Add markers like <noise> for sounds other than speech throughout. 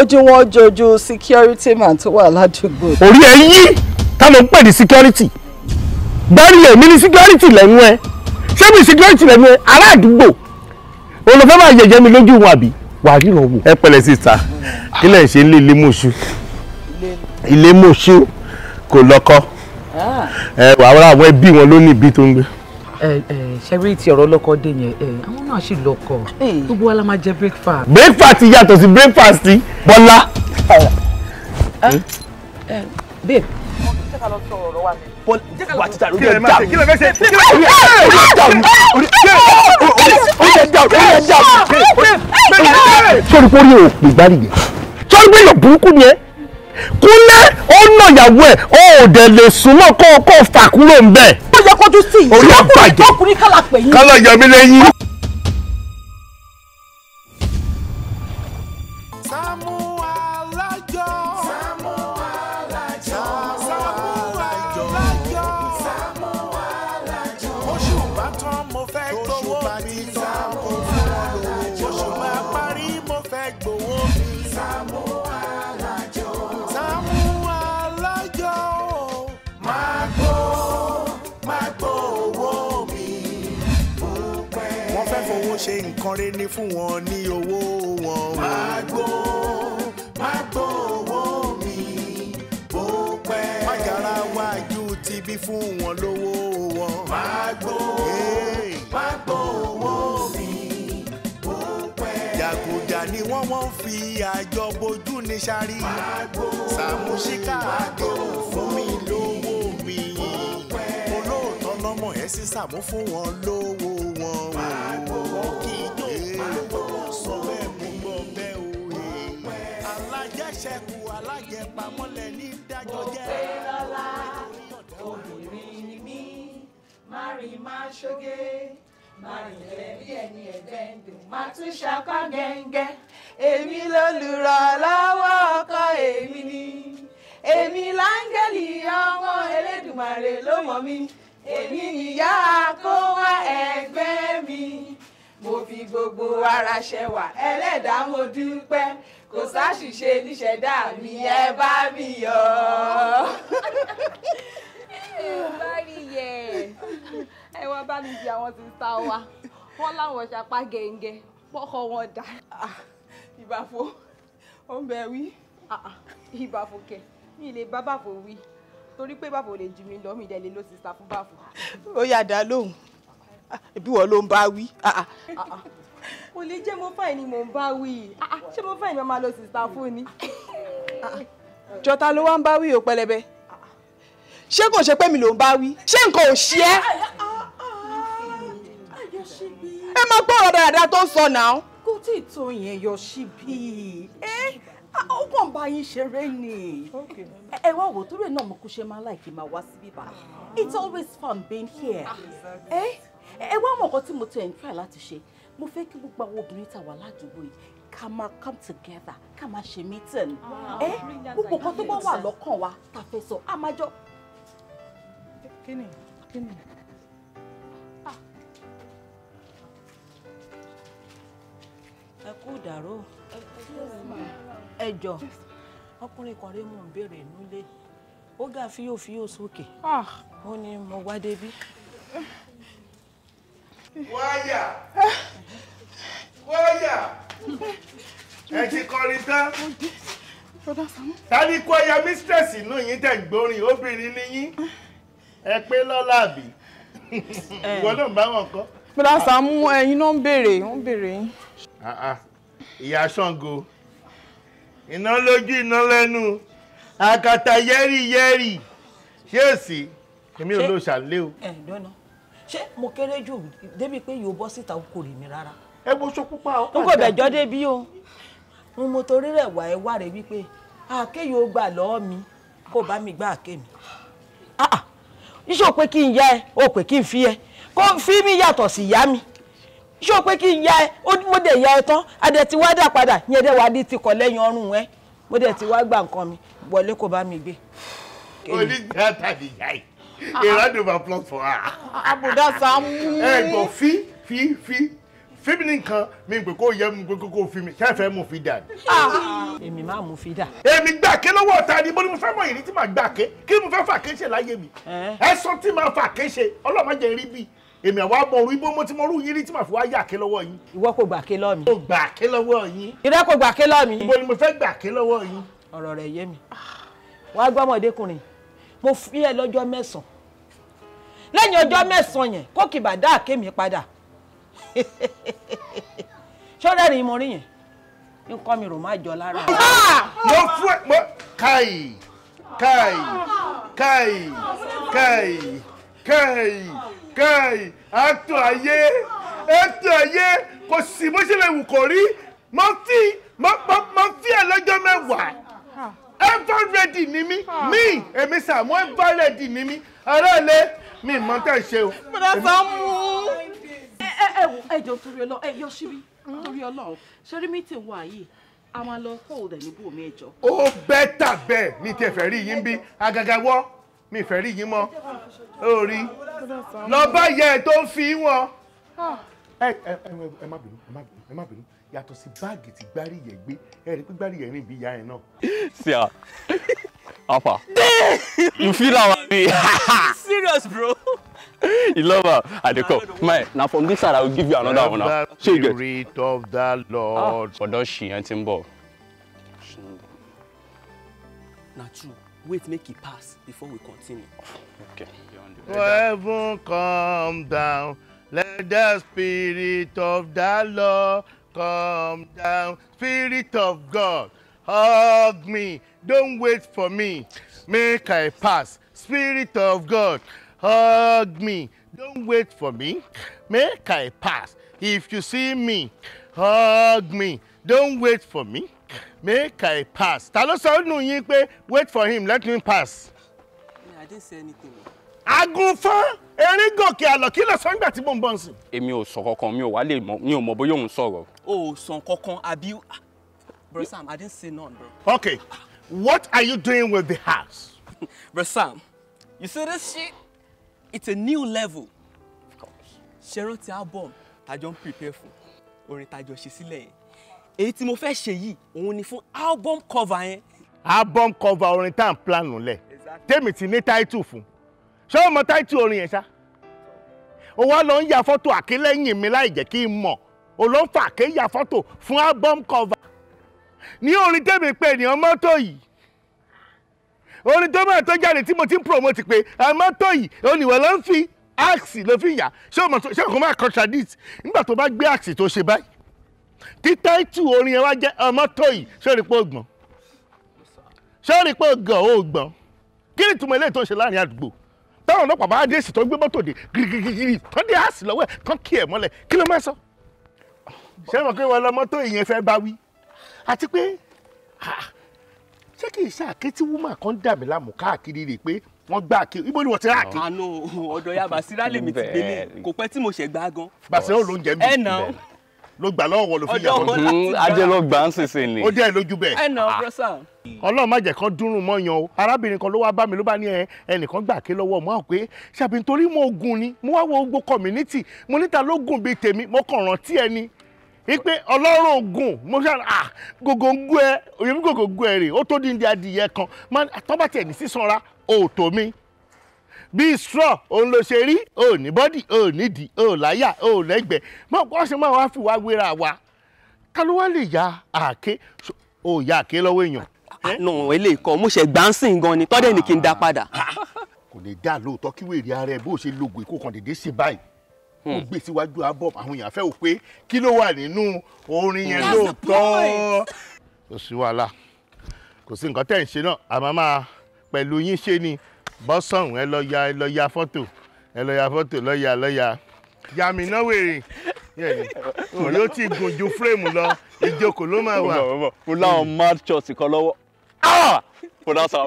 ojú wọn jojú security man tó wà ládùúgbò. orí ẹ yí táwọn ń pè ní security dárí èmi ní security lẹ́nu ẹ ṣé mi security lẹ́nu ẹ ará àdúgbò olùfẹ́ máa yẹ̀yẹ́ mi lójú wọn àbí wàá ríran wò. ẹ pẹ̀lẹ́ síta kí lẹ ń ṣe ilé ilé mọṣú ilé mọṣú kò lọ́kọ ah. ẹ wàá rà àwọn ẹbí wọn ló ní ibi tó ń gbé. ẹ ẹ ṣẹ́rí ti ọ̀rọ̀ ọlọ́kọ dé yẹn ẹ̀ àwọn náà sì lọ́kọ gbogbo wa la máa jẹ breakfast. breakfast yàtọ̀ sí breakfast bọ́lá. Hmm? babe wà títà lórí ẹ̀ dàmú kí lè fẹ́ ṣe kí lè fẹ́ ṣe orí ẹ̀ dàmú orí ẹ̀ dàmú orí ẹ̀ dàmú. sọ́ni pé orí ò pè gbárìgbẹ́ sọ́ni pé èèyàn burúkú ni ẹ́ kúnlẹ̀ ó nà ìyàwó ẹ̀ ó dẹ̀ lè sùn náà kó o kó o fà kúrò ń bẹ̀ yẹ kó tún sí i. orí ẹ bàjẹ́ ọkùnrin kálá pè yín. kálá yẹ mí lẹ́yìn. Samuel Alájọ. re ní fún wọn ní owó wọn. Magbo Magbo owó mi bó pẹ́. Mágara wájú ti bí fún wọn lówó wọn. Magbo Magbo owó mi bó pẹ́. Jàgùjà ni wọ́n wọ́n fi àjọ bojú ní sáré. Magbo Sàmúsíkà àdó fún mi lówó mi. Olóòótọ́ lọ́mọ ẹ̀ sísàmú fún wọn lówó wọn. Magbo. jẹ pamọ́lẹ̀ ní dájọ́ jẹ́. mo pé lọ́la obìnrin ni mí má rí má ṣoge má rí ẹbí ẹni ẹ̀gbẹ́ ń dùn má tún ṣakọ́ gẹ́ngẹ́ èmi lolùrànlọ́wọ́ ọkọ èmi ni èmi láńgẹ́lì ọmọ Elédùmarè ló mọ̀ mí èmi nìyá kó wá ẹgbẹ́ mi mo fi gbogbo ara ṣẹwà ẹlẹ́dàá mo dúpẹ́ kò sáṣìṣe níṣẹ̀dá mi ẹ bá mi yọ̀. ẹ bá rí yẹ ẹ wá bá mi di àwọn tí ń ta wa wọn láwọn ṣapá gẹ̀ǹgẹ̀ pọ́kọ wọn dà. Ah, ìbàfò ó ń bẹ wí. Ah, ah, ìbàfò kẹ mi lè bá bàfò wí torí pé bàfò lè jù mí lọ mi dẹ̀ lè lọ sí sàfún bàfò. ó yá dá lóhùn bí wọ́n ló ń bá wí. Ah, ah. kò lè jẹ́ mo fáìn ni mò ń bá wí ah, ṣé mo fáìn ni mo máa lo sista fún ni. jọta ló wá ń bá wí o pẹlẹbẹ ṣé kò ṣe pé mi ló ń bá wí ṣé nǹkan ò ṣe é. ẹ máa gbọ́ ọ̀rọ̀ dáadáa tó ń sọ náà. kó tí ì tó yẹn yọ síbí eh, ó kàn bá yín ṣeré ni ẹ wá wò torí náà mo kú ṣe máa láìkí máa wá síbí báyìí it's always fun being here. Exactly. Eh? ẹ wá mọ̀ nǹkan tí mo ti ẹ̀ ń try láti ṣe mo fẹ́ kí gbogbo àwọn obìnrin tá wà ládùúgbò yìí ká máa come together ká máa ṣe meeting ah, ẹ gbogbo nǹkan tó bá wà lọ́kàn wa tá a fẹ́ sọ a máa jọ. kí ni kí ni. ẹ kú dàrú ẹ jọ ọkùnrin kan rí mò ń béèrè nílé ó ga fíyòfíyò sókè ah. ó ní mo wá débí wáyà wáyà ẹ ti kọrin tán tani kwaya mistress inú yín tẹ̀ ń gbórin obìnrin ni yín ẹ pé lọ́la àbí ìwọ náà bá wọn kọ́. bọ́dà Sàámú ẹ̀yin náà ń béèrè ń béèrè yín. Ah, ah. ìyá Ṣàngó iná lójú iná lẹ́nu àkàtà yẹ́rì yẹ́rì ṣé èsì èmi ò lọ ṣàlẹ́ o ṣé mo kéré jù débi pé yóò bọ́ síta kò rí mi rárá. ẹ wo so pupa ọkọ àti n kò bẹ̀jọ́ débi o n mo torí rẹ̀ wá ẹ wá rẹ̀ wípé àáké yóò gbà lọ́ọ́ mi kó bá mi gbá àáké mi. iṣẹ́ ah, ah. ò pé kí n ya ẹ ò pé kí n fi ẹ kó fi mi yàtọ̀ sí ìyá mi ṣé o pé kí n ya ẹ mo dẹ̀ ya ẹ tán adẹ ti wá dà padà yẹn dẹ̀ wá ní tikọ̀ lẹ́yìn ọrùn ẹ mo dẹ̀ ti wá gba nǹkan mi wọlé kó bá mi gbé. onígbà tàbí yá a round of applause for her. àbùdá ah, ah, Sàámú. ẹ <laughs> gbọ́ eh, fi fi fi fíbi nìkan mi gbé kó yẹ mi gbé kó fi mi ṣe fẹ́ mu fi dà ni. Ah, èmi máa mu fi dà. èmi gbà ké lọ́wọ́ ta ni mo ní mo fẹ́ mọ ìrìn tí màá gbà ké kí mo fẹ́ fà ké ṣe láyé mi ẹ̀sán tí màá fà ké ṣe ọlọ́mọ jẹ́ rí bí èmi àwa mọ orí bó mo ti mọ orú yín rí tí màá fi wá yà ké lọ́wọ́ yín. ìwọ kò gbà ké lọ́ mi. mo gbà ké lọ́wọ́ yín. ìrẹ́ kò gbà ké lọ́ mi. mo ni mo fẹ́ gbà ké lọ́wọ́ yín. ọ̀rọ̀ rẹ̀ yé mi wàá gbọ́mọdékùnrin mo fi ẹ lọ́jọ́ mẹ́sàn-án lẹ́yìn ọjọ́ mẹ́sàn-án yẹn kó kìbà dá àkémi padà ṣọ́rẹ́ rìn mo rí yẹn nǹkan mi rò má jọ lára. mo fún ẹ mo káì káì káì káì káì káì àtọ ayé àtọ ayé kò sí bó ṣe lè wù kó rí mo fi mo fi ẹ lọ́jọ́ mẹ́wàá ever ready ni mí mi èmi Sàámú ever ready ni mí ara lè mi mọ tẹ́ ẹ ṣe o. bọ́dà Sàámú. ẹ ẹ ẹ wò ẹ jọ torí Ọlọ́run ẹ yọ síbí torí Ọlọ́run ṣẹ́rí mítìn wà yìí a máa lọ fóòdà níbò mi ẹjọ. ó bẹ́tà bẹ́ẹ̀ mi tiẹ̀ fẹ́ rí yín bí agaga wọ́ mi fẹ́ rí yín mọ́ ó rí lọ bá yẹ ẹ tó ń fi wọn. ẹ ẹ ẹ má bínú ẹ má bínú ẹ má bínú yàtọ̀ sí báàgì tí gbárí yẹ gbé ẹ rí pé gbárí yẹ rìn bí ìyá ẹ náà. Alpha. Damn! You feel our one? <laughs> Serious, bro. <laughs> you love her. I dey come. My, now from this side, I will give you another one. Now. She get. Spirit of the Lord. Ah. But does she and Timbo? Na true. Wait, make it pass before we continue. Okay. heaven come down. Let the spirit of the Lord come down. Spirit of God hug me don't wait for me make i pass spirit of god hug me don't wait for me make i pass if you see me hug me don't wait for me make i pass ta ló sọ nù yín pé wait for him let me pass. Yeah, i didn't say anything. agunfán erin gòkè àlọ kí ló sọ nígbà tí mò ń bọ̀ ń sìn. èmi ò sọ kankan mi ò wá lè mọ mi ò mọ bóyá òun sọ̀rọ̀. o ò sọ kankan àbí Bro Sam, I didn't say none, bro. Okay. What are you doing with the house? <laughs> bro Sam, you see this shit? It's a new level. Of course. Ṣeré ti album tájọ don't prepare for. Or tájọ ṣe sílẹ̀ yẹn. Èyí tí mo fẹ́ ṣe yìí, òun ni fún album cover yẹn. Album cover orin tá à ń plan nulẹ̀. Tèmi ti ní title fún. Ṣé o mọ title orin yẹn ṣá? O wá lọ ń ya fọ́tò àkélẹ́yìn mi láì jẹ́ kí n mọ̀. O ló ń fa àkéyà fọ́tò fún album cover ní orin tèmi pé ènìyàn mọ́tò yìí orin tó máa tó jáde tí mo ti ń promote pé mọ́tò yìí oníwọ̀ ló ń fi axi ló fi yà ṣé òkú máa contradict nígbà tó bá gbé axi tó ṣe báyìí títẹ́ tù orin yẹn wá jẹ́ mọ́tò yìí sórí pé ó gbọ́n sórí pé ó gàn ó gbọ́n kí ni ìtumọ̀ eléyìí tó ń ṣe láàrin àdúgbò táwọn ọlọ́pàá bá dé èsì tó gbé mọ́tò dé gírígírígírí tó dé àsì lọ́wọ́ ẹ̀ kán kí ẹ̀ mọ́lẹ̀ kí ló máa sọ ṣé mo kí wọn lọ mọ́tò yìí yẹn fẹ́ bá wí àti pé ṣé kì í ṣàkétí woman kan dà mí láàmú káàkiri rè pé wọ́n gbà kí ibo ni wọ́n ti rà kí. àná ah, ọ̀dọ̀ ya Basira lèmi ti gbélé kò pẹ́ tí mo ṣẹ̀ gbá gan. Basira ò ló ń jẹ mí. ẹnà ló gbà lọ́wọ́ wọn ló fi yà wọn. ajé ló gbà ń sèse ni. ó dẹ́ lójú bẹ́ẹ̀. ẹnà brọ́sà. ọlọ́run má jẹ́ kán dúnrún mọ́ yan o arábìnrin kan ló wá bá mi ló bá ní ẹnìkan gbà ké lọ́wọ́ mọ́ àwọn pé ṣàbí nítorí mo gùn ni mo wá wo gbogbo community mo níta ló gùn bíi tèmi mo kàn rántí ẹni wípé ọlọ́run ògùn mo ṣáà à gògóńgó ẹ òyìnbó gògóńgó ẹ rè ó tó dín di adìyẹ kan tọ́ba tiẹ̀ ní sísanra òòtò mi bí straw òun ló ṣe rí ò ní bọ́dì ò nídìí ò láyà ò lẹ́gbẹ̀ẹ́ mọ wọ́n ṣe máa wá fi wá wéra wa ká ló wá lè ya àáké ò ya àáké lọ́wọ́ èèyàn. Ah, nù eléyìí kan mo ṣe gbáǹsìn gan ni tọ́dẹ̀ ni kí n dá padà. Ah, kò lè dá lóòótọ́ kí wèrè ara ẹ bó ṣe lògùn ìkó kan dédé ṣe báyìí ó hmm. gbé síwájú album àwọn èèyàn fẹ́ wò pé kí ló wà nínú orin yẹn lóòótọ́ kò sí wàhálà kò sí nǹkan tẹ̀ ń ṣe náà àmọ́ máa pẹ̀lú yín ṣe ni bọ́sọ̀hún ẹ lọ ya ẹ lọ ya fọ́tò ẹ lọ ya fọ́tò lọ́ya lọ́ya yàmì náà wèrè òun yóò ti gùn ju fúrèmù lọ ìjókòó ló máa wà. mo láwọn mad shot kan lọ́wọ́ kò dá sáà.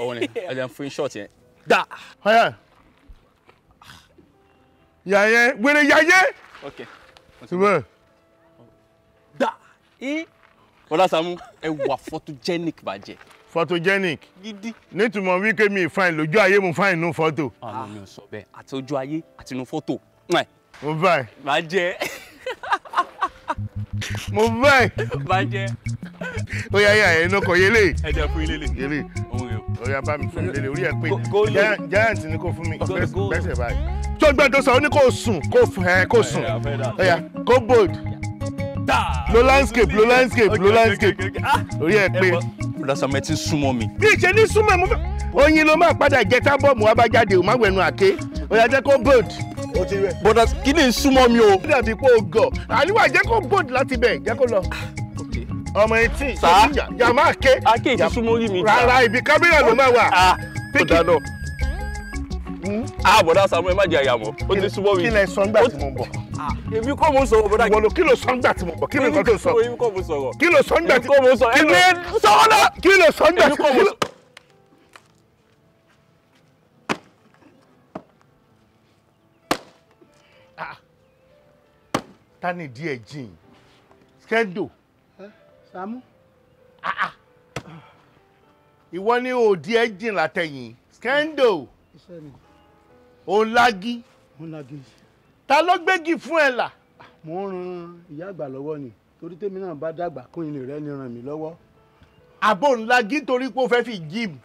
ọ̀wọ́n ni ẹ jẹ́ fún shot yẹn yàyẹ wèrè yàyẹ. ok ṣùgbọ́n. da i ọlásámú ẹ wà photogenic bàjẹ́. photogenic. gidi. nítumọ̀ wíkẹ́ mi fine lójú ayé mu fine nù fọ́tò. àwọn mi ò sọ bẹ́ẹ̀ àti ojú ayé àti nù fọ́tò. mo fine. bàjẹ́. mo fine. bàjẹ́. ó yá yá ẹ̀ iná kọ yẹlé. ẹ jẹ́ fún ilé lè. yẹlé. ó yá bá mi fún ilé lè orí ẹ̀ pé giant ni kò fún mi gbẹ́sẹ̀ báyìí tó gbẹ́ tó sọ ó ní kó sùn kó sùn ẹ̀yà bold lo landscape lo landscape lo landscape ah! orí ẹ pé. lọ́sàn-án ti súnmọ́ mi. bí ìṣe ní súnmọ́ mo fẹ́ oyin ló máa padà jẹ tábọ̀mù abájáde òmáwẹ̀nu àké ọ̀yà jẹ́ kó bold. bọ̀dà kí ni súnmọ́ mi o. ó dàbí pé o gọ̀ àníwá jẹ́ kó bold láti bẹ̀ jẹ́ kó lọ ọmọ etí yàmá ké ake ìtúsúmórí mi. rárá ibi kámẹ́rà ló ah. máa wà. Ah, kò dáná àbọ̀dá ah, Samuel má jẹ àyàmọ́ ó ti súnmọ́ mi. kí lẹ sọ ńgbà tí mo ń bọ̀. Ah, èmi kọ́ mo sọ̀rọ̀ bọ́dá. wọ́n lo kí ló sọ ńgbà tí mo ń bọ̀ kí ló nǹkan tó sọ. èmi kọ́ mo sọ̀rọ̀. kí ló sọ ńgbà tí mo ń bọ̀ kí ló sọ̀rọ̀ náà. kí ló sọ ńgbà tí mo ń bọ̀. Ah, tani díẹ̀ jìn skendo. Sàámú. ìwọ ni òdi ẹ̀ jìn látẹ̀yìn skendo òun lági. òun lági. ta ló gbégi fún ẹ là. Ah, mo ń ran ìyá àgbà lọ́wọ́ ni torí tèmi náà bá dàgbà kún ilé rẹ ni ràn mí lọ́wọ́. àbò òun lági torí pé ó fẹ́ fi jíìmù.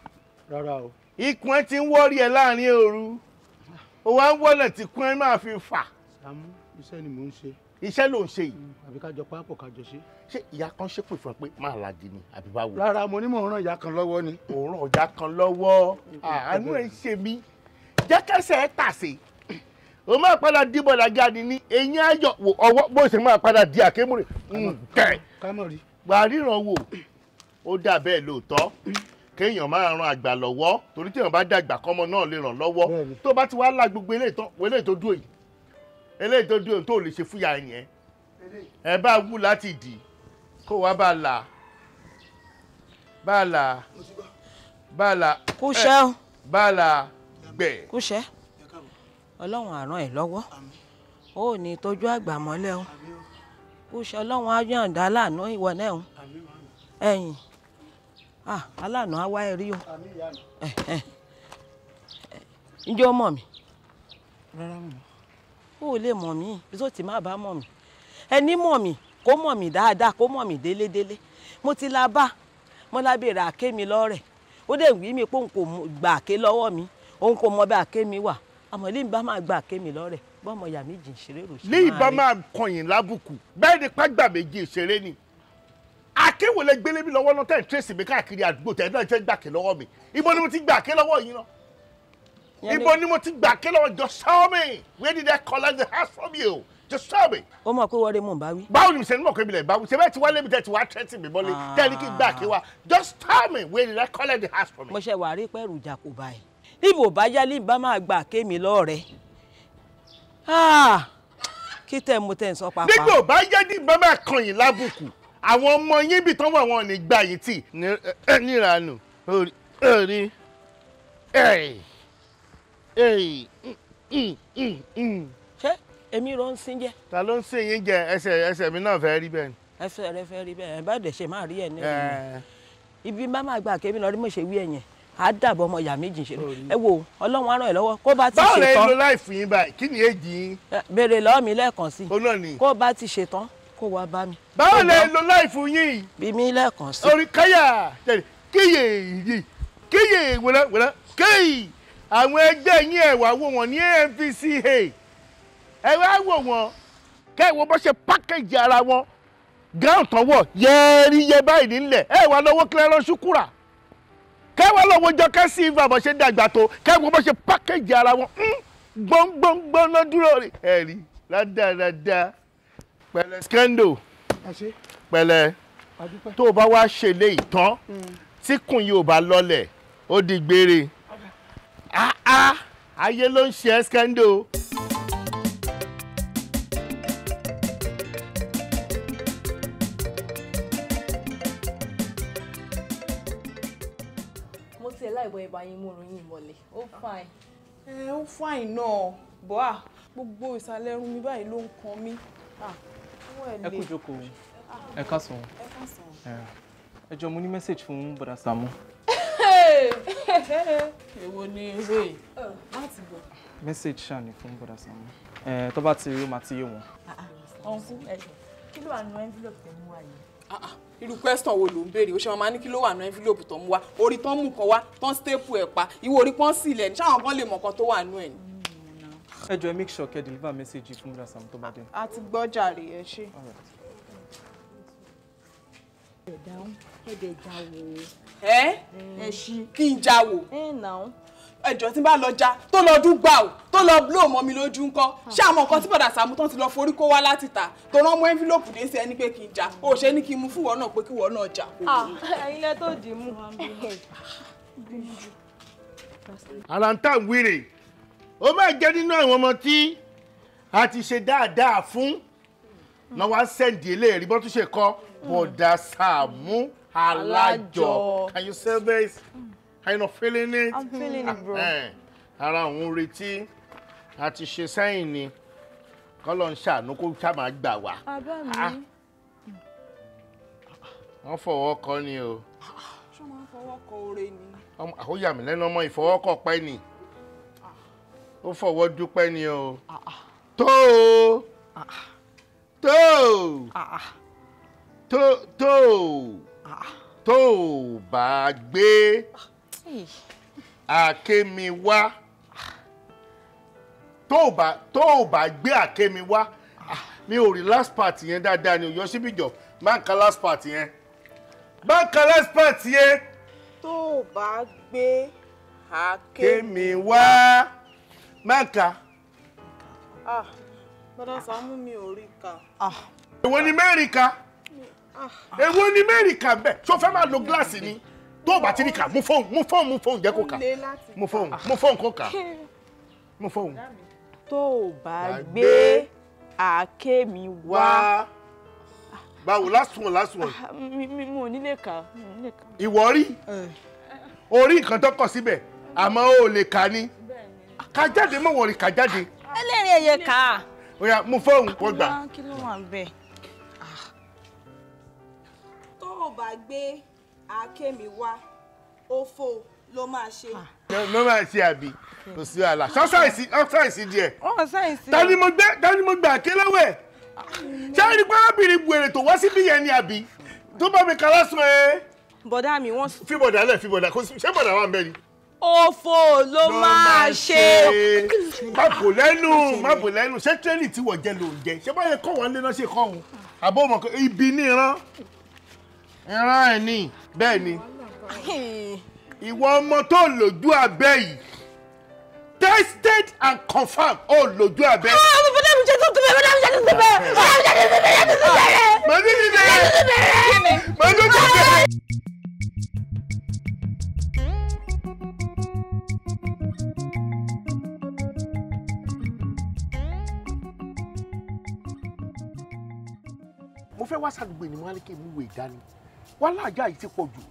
rárá o. ikùn ẹ ti ń wọ́rí ẹ láàrin òru ó wá ń wọ́lẹ̀ tí kún ẹ máa fi fà. Sàámú iṣẹ́ ni mò ń ṣe. iṣẹ́ ló ń ṣe yìí. Mm, àbí ká jọ pápọ̀ ká jọ ṣe. ṣé ìyá kan ṣépè fún ẹ pé máa lajì ni àbí báwo. rárá mo ní mò ń ràn ìyá kan lọ́wọ́ ni. òun ràn ìyá kan lọ́wọ́ mm, mm. àánú ẹ̀ ń ṣe mí jẹ́ kẹsẹ̀ ẹ tàsé o máa padà di bọ̀dàgà ni ní eyín ayọ̀ wò ọwọ́ bó ṣe máa padà di àkémúrè ǹtẹ̀ wà ríran wò ó dà bẹ́ẹ̀ lóòótọ́ kéèyàn máa ran àgbà lọ́wọ́ torí téèyàn bá dàgbà kọ́mọ náà lè ràn lọ́wọ́ tó bá ti wá la gbogbo eléyìí tó dúró yìí eléyìí tó dúró tó lè ṣe fúyà yẹn ẹ bá wù láti dì kó wá bá là bá là bá là kúṣẹ́ bá là gbẹ. kúṣẹ́ ọlọ́run á ràn ẹ́ lọ́wọ́ ó ní tójú àgbà mọ́lẹ̀ o kúṣẹ́ ọlọ́run á yọ̀ǹda aláàánú ìwọ náà o ẹ̀yìn aláàánú á wá ẹ rí o ǹjẹ́ o mọ̀ mí. rárá mọ̀ mí. o ò lè mọ̀ mí bí tó ti má bá mọ̀ mí ẹni mọ̀ mí kó mọ̀ mí dáadáa kó mọ̀ mí délédélé mo ti la bá mo la béèrè àké mi lọ́rẹ̀ ó dẹ̀ wí mi pé òun kò gbà àké lọ́wọ́ mi òun kò mọ bí àkémi wà àmọ́ ilé ìbá máa gba àkémi lọ́rẹ̀ bọ́mọ ìyá méjì ìṣeré rò ṣe máa rí. ní ìbá máa kọyìn lábùkù bẹ́ẹ̀ ni pàgbà méjì ìṣeré ni akéwò lè gbélé mi lọ́wọ́ náà tẹ̀ ń tẹ̀sí mi káàkiri àdúgbò tẹ̀ náà jẹ́ gbàké lọ́wọ́ mi ibo ni mo ti gbàké lọ́wọ́ yín náà ibo ni mo ti gbàké lọ́wọ́ jọ sọ́ọ́ mi where did I collect the house from you just tell me. ó mọ̀ pé wọ́n rí mò ń bá wí. báwo ni mo ṣe ní mọ̀ pé mi lè bá wí ṣe ti wálé mi tẹ̀ ti wá tẹ́tì mi mọ́lé tẹ́lí kí n gbà wa just tell me where did I collect the house from you. mo ṣe wà á rí pẹ́ẹ́rù ìjà kò báyìí níbo bá yálé bá máa gbà kémi lọ́ọ̀rẹ́ ah, kí tẹ̀ mo tẹ̀ ń sọ pàápàá. nígbò bá yálé bá máa kàn yín lábùkù àwọn ọmọ yín bì tán wà wọn ní gbà yín tì níranù orí ṣé èmi ló ń sin jẹ. ta ló ń sin yín jẹ ẹsẹ̀ ẹsẹ̀ mi náà fẹ́ rí bẹ́ẹ̀ ni. ẹsẹ̀ rẹ fẹ́ rí bẹ́ẹ̀ ẹ bá dẹ̀ ṣe máa rí ẹ̀ ní ìlú ibi má máa gbà kémi lọ rí mo ṣe wí ẹ̀yẹn á dàbọ̀ ọmọ ìyá méjì ṣe ẹ wo ọlọ́run á ràn ẹ́ lọ́wọ́ kó bá ti ṣe tán. báwo lẹ lo láìfù yín báyìí kí ni èjì yín. béèrè lọ́wọ́ mi lẹ́ẹ̀kan sí i kó bá ti ṣe tán kó wá bá mi. báwo lẹ lo láìfù yín. bí mi lẹ́ẹ̀kan sí i. orí káyà kíyè yìí kíyè wẹ́rẹ́ wẹ́rẹ́ kéyì àwọn ẹgbẹ́ yín ẹ̀ wá wò wọ́n ní NPCA ẹ wá wò wọ́n kẹ́wọ́ bọ́ ṣe pákéjì ara wọn gáùn tán wọ̀ yẹ́ẹ́rí yẹ báyìí nílẹ̀ ẹ wà lọ́wọ́ kílẹ̀ ránṣú kúrà kẹwàá lọ́wọ́ jọ kẹ́sì ìfà bó ṣe dàgbà tó kẹwàá bó pákéjì ara wọn hmm, gbọ́ngbọ́ngbọ́n ló dúró rè ẹ̀rí ládàradà pẹ̀lẹ́ skendo pẹ̀lẹ́ tó o bá wá ṣèlé ìtàn hmm. tí kùn yìí ò bá lọlẹ̀ ó di gbére ah, ah, ayé ló ń ṣe skendo. wẹ ẹ̀bà yín mo ròyìn mọ́lẹ̀ ó ah. fine. ẹ ó fine náà bọ́ à gbogbo ìsàlẹ̀ irun mi báyìí ló ń kan mí. ẹ kú jókòó ẹ káàsán ẹ jọ mo ní mẹ́sàgì fún bọ̀dà Sàámú. <laughs> èwo ni eré láti bọ̀. mẹ́sàgì ṣàní fún bọ̀dà Sàámú tó bá ti rí ó máa ti yé wọn. ọ̀nkú ah, ah, ẹ̀jọ̀ kí ló wà nínú envelope tẹ̀ mú wa yìí. Ah, ah. irú question wo ló ń béèrè o ṣe máa ní kí ló wà nù envelope tó ń wá orí tán mú kan wá tán staple ẹ̀ pa ìwọ orí pọ́n sí ilẹ̀ ní sáwọn kan lè mọ̀ kan tó wà nù ẹ̀ ni. ẹ jọ make sure kẹ́ deliver message fún gbàsàm tó bá dé. a ti gbọ́ jàre ẹ ṣe. ẹ dáhùn ẹ dẹ̀ já wò. ẹ ẹ ṣí kí n já wò. ẹ nà án ẹjọ́ tí n bá lọ ja tó lọ dún gbà o tó lọ blow mọ́ mi lójú ńkọ́ ah. ṣé àwọn nǹkan tí bọ̀dà Sàámú tán ti lọ forí kó wá láti tà tó rán mọ́ ẹ́ńfílọ́pù dé sí ẹni pé kí n jà o ṣe ní kí n mú fún ìwọ náà pé kí ìwọ náà jà. Ah, <laughs> ẹyin tó dì í mú. ara ń ó máa jẹ́ nínú àwọn ọmọ tí a ti ṣe dáadáa fún náà wá sẹ́ǹdì eléyìí bó tún ṣe kọ́ hmm. bọ̀dà Sàámú alájọ can you say this. Mm kind not feeling it. I'm feeling it bro. Eh, ara òun retí a ti ṣe sẹ́yìn ni kọ́lọ̀ ń ṣàánú kó ṣá máa gbà wá. bàbá mi. Ah. wọ́n fọwọ́ kọ́ ni o. ṣé wọ́n fọwọ́ kọ oore ni. ó yà mí lẹ́nu ọmọ ìfọwọ́kọ̀ pẹ́ ni ó fọwọ́ dúpẹ́ ni o. tó o tó o tó o tó o bá gbé àkémiwá tó bá tó bá gbé àkémiwá mi ò rí last part yẹn dáadáa ni òyọ síbìjọ máa ń ka last part yẹn máa ń ka last part yẹn. tó bá gbé àkémiwá máa ń ka. ah bọ́dá Sàámú mi ò rí ka. Ah. èwo ni mẹ́rin ka ah. èwo ni mẹ́rin ka bẹ́ẹ̀ ṣó fẹ́ máa lo gíláàsì ni tó o bá ti rí kà mú fóun mú fóun mú fóun jẹ́ kó kà mú fóun mú fóun kó kà mú fóun. tó o bá gbé àáké mi wá. báwo last one last one. Ah, mi mi mo nílé kà. ìwọ rí eh. orí nǹkan tó kọ síbẹ̀ àmọ́ o lè kà ni ká jáde mọ̀ wọ̀rì ká jáde. ẹlẹ́rìí ẹ̀yẹ kà. ó yá mú fóun kó gbà. kí ló wà ń bẹ̀. Ah. tó o bá gbé àákémi wá òfò ló máa ṣe. ló máa ṣe àbí kò sí àlà ṣọ́ṣàìsì ọ̀ṣàìsì díẹ̀. ọ̀ṣàìsì. ta ni mo gbé ta ni mo gbà ké lọ́wọ́ ẹ̀ ṣé ẹni pé arábìnrin wèrè tó wá síbí yẹn ni àbí tó bá mi kàlá sùn ẹ́. bọ̀dá mi wọ́n. fi bọ̀dá lẹ̀ fi bọ̀dá kò sí ṣé bọ̀dá wà ń bẹ ni. òfò ló máa ṣe. má bò lẹ́nu má bò lẹ́nu ṣé tírẹ́nì tí wọ́n jẹ ló ń jẹ ṣé báyẹn kọ́ wọn lé náà ṣe kọ́ wọn àbọ̀ mọ̀ ibi ní ìran ìran ẹ̀ ni bẹ́ẹ̀ ni ìwọ ọmọ tó lójú abẹ́ yìí tested and confirmed ó lójú abẹ́. ọmọ ah, bọ́dá mi jẹ́ tó tó bẹ́ẹ̀ bọ́dá mi jẹ́ tó tó bẹ́ẹ̀ bọ́dá ah. mi jẹ́ tó tó bẹ́ẹ̀ tó tó bẹ́ẹ̀. màdí ti bẹ̀rẹ̀ màdí ti bẹ̀rẹ̀. Ah. mo fẹ́ wá sàdúgbò ni mo wá ní kí n mú ìwé ìdání wàhálà ajá yìí ti pọ̀ jù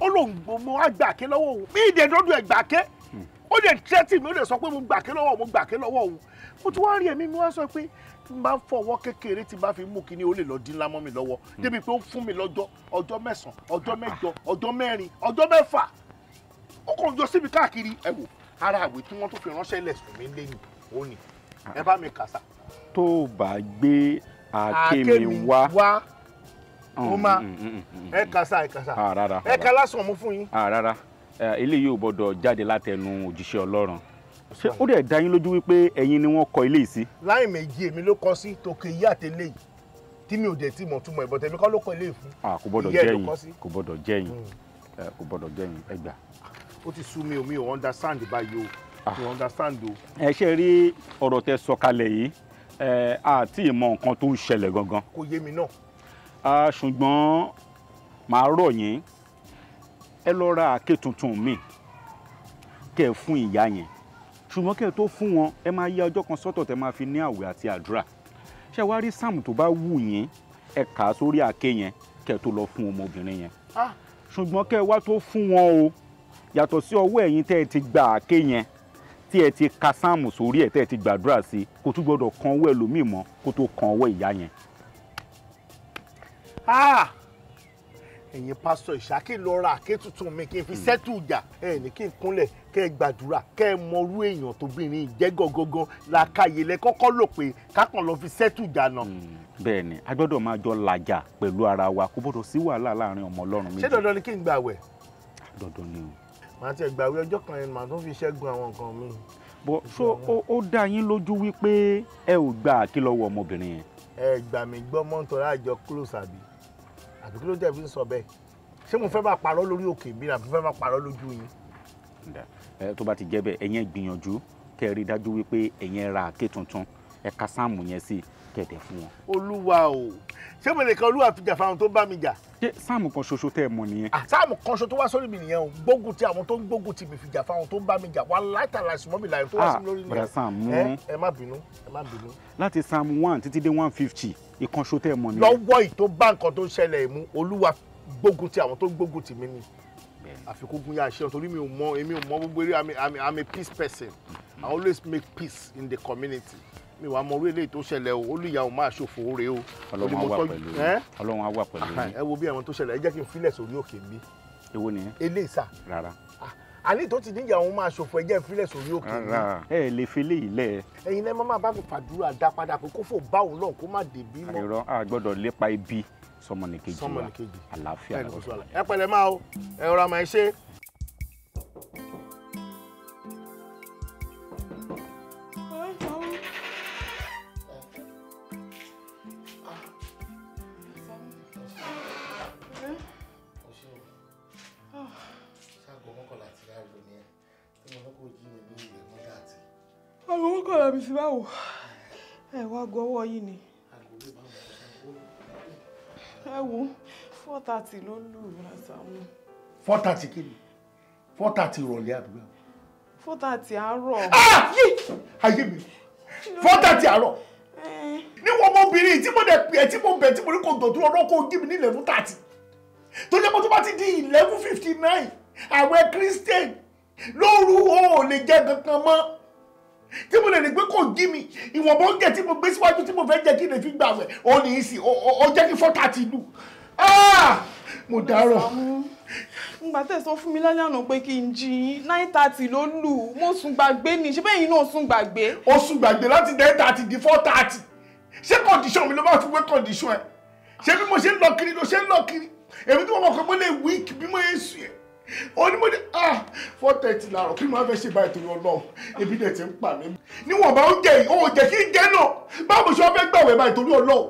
ó lòun gbòmọ àgbàké lọ́wọ́ òun mí ìdè dọ́dún ẹ̀gbàké ó lè tẹ́tì mi ó lè sọ pé mo gbàké lọ́wọ́ mo gbàké lọ́wọ́ òun mo tún wá rí ẹ̀mí mi wá sọ pé n bá fọwọ́ kékeré tí n bá fi mú kí ni ó lè lọ dín lámọ́ mi lọ́wọ́ hmm. débi pé ó ń fún mi lọ́jọ́ ọjọ́ mẹ́sàn-án ọjọ́ mẹ́jọ ọjọ́ mẹ́rin ọjọ́ mẹ́fà ó kàn jọ síbi káàkiri ẹ wò ara àwẹ̀ tí wọ́n tún fi ránṣẹ́ lẹ̀ sùn mí lẹ́yìn ó ní ẹ bá mi kàṣà. tó o bá gbé àáké wá mo máa mm, mm, mm, ẹ kàsá ẹ kàsá ẹ kà ah, lásán mo fún yín. Ah, rárá eh, eléyìí ò gbọ́dọ̀ jáde látẹnu òjíṣẹ́ Ọlọ́run ṣé ó dẹ̀ dá yín lójú wípé ẹ̀yin ni wọ́n kọ ilé yìí sí. láì méjì èmi ló kọ sí tòkè yí àtẹlẹ́yìí tí mi ò dẹ̀ tí mọ̀ túmọ̀ ẹ̀ bọ̀tẹ̀ mi kọ́ ló kọ ilé yìí fún. Ah, kò gbọ́dọ̀ jẹ́yìn kò gbọ́dọ̀ jẹ́yìn eh, kò gbọ́dọ̀ jẹ́yìn ẹ gbà. ó ti sú mi o ò understand báyìí o mi ò understand o. ẹ eh, ṣe rí ọ̀rọ̀ tẹ sọ kalẹ̀ yìí àti ìmọ̀ nǹkan tó ń ṣẹlẹ̀ gangan. kò yé mi náà Ah, ṣùgbọ́n màá rọ̀ yín ẹ lọ ra àáké tuntun mi kẹ́ ẹ fún ìyá yẹn ṣùgbọ́n kẹ́ ẹ tó fún wọn ẹ máa yá ọjọ́ kan sọ́tọ̀ tẹ́ máa fi ní àwẹ̀ àti àdúrà ṣé wàá rí sáàmù tó bá wù yín ẹ kà á sórí àáké yẹn kẹ́ ẹ tó lọ fún ọmọbìnrin yẹn ah. ṣùgbọ́n kẹ́ ẹ wá tó fún wọn o yàtọ̀ sí ọwọ́ ẹ̀yin tẹ́ ẹ ti gba àáké yẹn tí ẹ ti ka sáàmù sórí ẹ̀ tẹ́ ẹ ti gbàdúrà sí kó tún gbọ́dọ̀ kan ọwọ́ ẹlòmíì mọ́ kó tó kan ọwọ́ ìyá ẹ̀yin pásítọ̀ ìṣákì lọ ra àké tuntun mi kí n fi hmm. sẹ́tù ìjà ẹ̀ ní kí n kúnlẹ̀ kẹ́ ẹ gbàdúrà kẹ́ ẹ mọrú èèyàn tó bìnrin jẹ́ gangan làkàyè lẹ kọ́kọ́ lò pé kákan lọ fi sẹ́tù ìjà náà. Hmm. bẹ́ẹ̀ ni a gbọ́dọ̀ máa jọ làjà pẹ̀lú ara wa kó bọ́dọ̀ sí wàhálà láàrin ọmọ ọlọ́run méjì. ṣé dandan ni kí n gbàwẹ̀. Ah, dandan ni o. màá tiẹ̀ gbàwé ọjọ́ kan yẹn màá tún fi ṣẹ́gun àwọn nǹkan mi. bọ so ó dá yín lójú wípé ẹ ò gba àkìlọ́wọ́ ọmọbìnrin yẹn. ẹ gbà mí gbọ́ mọ́ntọ́ra àjọ close àbí àbí kí ló dẹ̀ fi ń sọ bẹ́ẹ̀ ṣé mo fẹ́ bá parọ́ lórí òkè mi àbí fẹ́ bá parọ́ lójú yín. tó bá ti jẹ́ bẹ́ẹ̀ ẹ̀yin gbìyànjú kẹ́ ẹ rí i dájú wípé ẹ̀yin ra àáké tuntun ẹ̀ka sáàmù yẹn sí i tẹ̀tẹ̀ fún wọn. olúwa o ṣé mo lè kan olúwa fi jà fáwọn tó bá mi jà. ṣé sáàmù kan ṣoṣo tẹ ẹ mọ nìyẹn. Ah, sáàmù kan ṣoṣo tó wá sórí mi nìyẹn o gbógun ti àwọn tó ń gbógun ti mi fi jà fáwọn tó bá mi jà wà láìtàlà ìsúnmọ́bì láì tó wá sí mi lórí nìyẹn. Ah, ẹ má bínú ẹ má bínú. láti sáàmù one títí dé one fifty ìkan ṣo tẹ ẹ mọ nìyẹn. lọ́wọ́ ìtó bá nǹkan tó ń ṣẹlẹ̀ mú olúwa gbógun ti àwọn tó gbógun ti mi ni àfikún gun yà ṣe nítorí mi ò mọ èmi ò mọ gbogbo eré i'm a peace person i always make peace in the community mi wàá mọ orí eléyìí tó ṣẹlẹ̀ o olùyàwó máa ṣòfò oore o. ọlọ́run á wà pẹ̀lú yín ọlọ́run á wà pẹ̀lú yín. ẹ wo bí àwọn tó ṣẹlẹ̀ ẹ jẹ́ kí n filẹ̀ sórí òkè mi. èwo nìyẹn. eléyìí sà. rárá. Ah, àní tó ti níyà òun máa ṣòfò ẹ jẹ́ filẹ̀ sórí òkè mi. rárá ẹ lè fi léyìí lẹ. ẹ̀yin náà máa bá fàdúrà dá padà pé kó fò bá òun náà kó má dèbí mọ́. àìrọ a gbọ́dọ̀ lépa ibi sọmọnìkejì wa àlàáfíà lọ. ẹ pẹ̀lẹ́ máa o ẹ rọra kọ̀ọ̀rọ̀ mi sí báwo ẹ wá gbọ́ ọwọ́ yìí ni ẹ wo four thirty ló lù ú four thirty kí ni four thirty ìrọ̀lẹ́ àdúgbò. four thirty àárọ̀. Ah, ayé mi four thirty àárọ̀ níwọ̀n ọmọbìnrin tí mo dẹ̀ pè ẹ́ tí mo bẹ̀ tí mo ní kò dọ̀tún ọdún kò gí mi ní eleven thirty tó mo pé tó bá ti di eleven fifty nine àwẹ̀ christian lóru o ò lè jẹ́ kankan mọ́ tí mo lè rí pé kò jí mi ìwọ̀nba oúnjẹ tí mo gbé síwájú tí mo fẹ́ jẹ́ kí lè fi gbà wẹ̀ ó ní í sì ó jẹ́ kí fọ́tà ti lù ah! mo dárọ̀. ngbà tẹ̀ sọ fún mi lálẹ́ àná pé kí n jí yín nine thirty ló lù mo sùn gbàgbé ni ṣé bẹ́ẹ̀ yín náà sùn gbàgbé. ó sùn gbàgbé láti nine thirty di four thirty ṣé condition mi ló bá fi wé condition ẹ ṣé bí mo ṣe ń lọ kiri ló ṣe ń lọ kiri èmi tí mo mọ̀ pé mo lè weak bí mo yẹ sùn yẹn ó ní mo ní ah four thirty láàárọ̀ kí ni mo fẹ́ ṣe báyìí torí ọlọ́run ebi dẹ̀ ti ń pa mí. níwọ̀nba ó jẹ ó jẹ kí n jẹ náà báwo ṣe wọ́n fẹ́ gbàwẹ̀ báyìí torí ọlọ́run.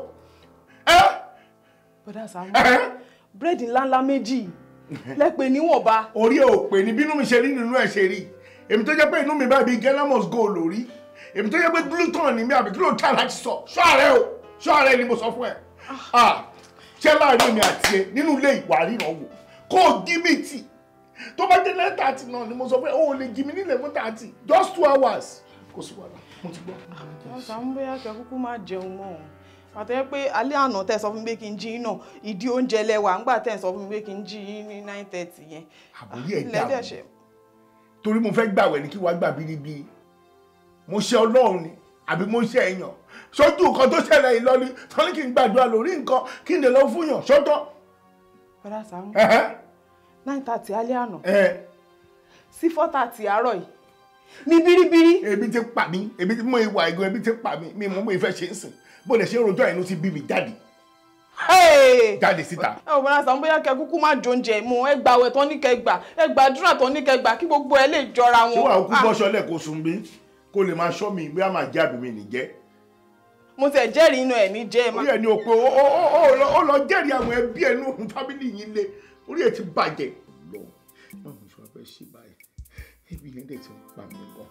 bọ́dà Sàámú búrẹ́dì ńláńlá méjì lẹ́pẹ̀ níwọ̀nba. orí ẹ̀ ò pè ní bínú mi ṣe rí nínú ẹ̀ ṣe rí èmi tó jẹ́ pé inú mi báyìí bíi gelamus gold lórí èmi tó jẹ́ pé gluten ni mi àbí kí ló tà láti sọ ṣọ́ ààrẹ o ṣọ́ ààrẹ ni mo sọ fún ẹ ah. Ah, ṣé láàrin mi àti ẹ nínú ilé ìwà ríran wò kó o gí mi tó bá jẹ́ nine thirty náà ni mo sọ pé oh, o ò lè jí mi ní eleven thirty just two hours kò sí wàhálà mo ti gbọ́. ọ̀sán ń bóyá kẹ́ kúkú máa jẹun mọ́ ọ àtẹ́wé pé alẹ́ àná tẹ́ sọ fún mi pé kí n jí náà ìdí oúnjẹ lẹ́wà ńgbà tẹ́ sọ fún mi pé kí n jí ní nine thirty yẹn. àbúrí ah, ẹ̀ dà o torí mo fẹ́ gbàwẹ̀ ní kí wàá gbà bíríbí mo ṣe ọlọ́run ni àbí mo ṣe èèyàn sójú nǹkan tó ṣẹlẹ̀ ìlọrin tán ní kí n gbàdúrà lórí nǹkan kí n lè lọ fún yàn sọ́tọ̀. bọ́dà sáà ń bọ̀ nine thirty alẹ́ àná sí four thirty àárọ̀ yìí ní bíríbírí. ebi ti pa mí ebi ti mọ ìwà ìgò ebi ti pa mí mi mọ mo ìfẹ́ ṣe ń sìn bó lè ṣe ń rojọ́ àìnú ti bí mi jáde jáde síta. ẹ ò bọ́lá sàn bóyá kẹ kúkú má jóúnjẹ mu ẹ gba àwẹ̀ tán ní kẹgbà ẹ gba àdúrà tán ní kẹgbà kí gbogbo ẹ lè jọra wọn. ṣé wàá ah. bọ́ṣọ lẹ́ẹ̀kọ́ sun mi kó lè máa ṣọ́ mi bí a máa jẹ́ àbí mi nìjẹ́. mo tẹ̀ jẹ́rìí inú ẹ̀ ní jẹ́ ẹ ni o orí ẹ̀ ti bàjẹ́ lọ báwo ni ìṣòro fẹ́ ṣe báyìí ibi yẹn dẹ̀ ti ń pa mí gan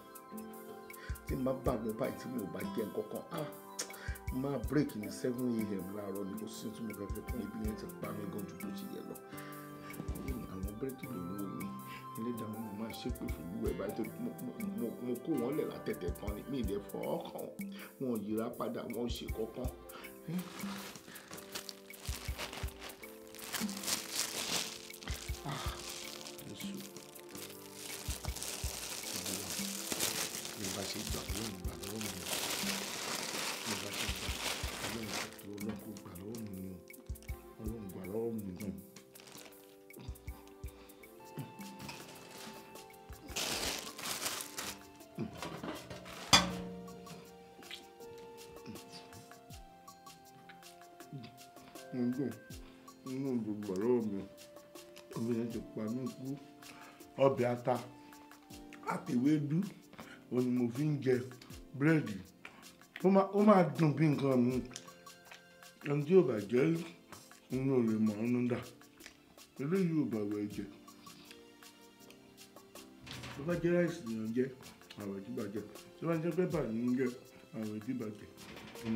tí n bà mí báyìí tí mi ò bá jẹ́ nǹkan kan ah! break ní seven a.m. láàárọ̀ ni kò sí tí mo fẹ́ fẹ́ kún ibi yẹn ti pa mí gan ju bó ti yẹ lọ àwọn bírèkì ló wò mí ẹlẹ́dàá mo máa ṣépè fún ìlú báyìí mo kó wọn lẹ̀ látẹ̀tẹ̀ kan ní ìdẹ́fọ́ ọkàn wọn yíra padà wọn ò ṣe kankan. ata àtẹ̀wédú òun ni mo fi ń jẹ búrẹ́dì ó máa dùn bí nǹkan mi ẹni tí ò bá jẹ́ inú ò lè mọ̀ ọ́nú dà eléyìí ò bá wẹ̀ jẹ́ tó bá jẹ́ ráìsì nìyàn jẹ́ àwẹ̀ tí bàjẹ́ tó bá jẹ́ pé bàní ń jẹ́ àwẹ̀ tí bàjẹ́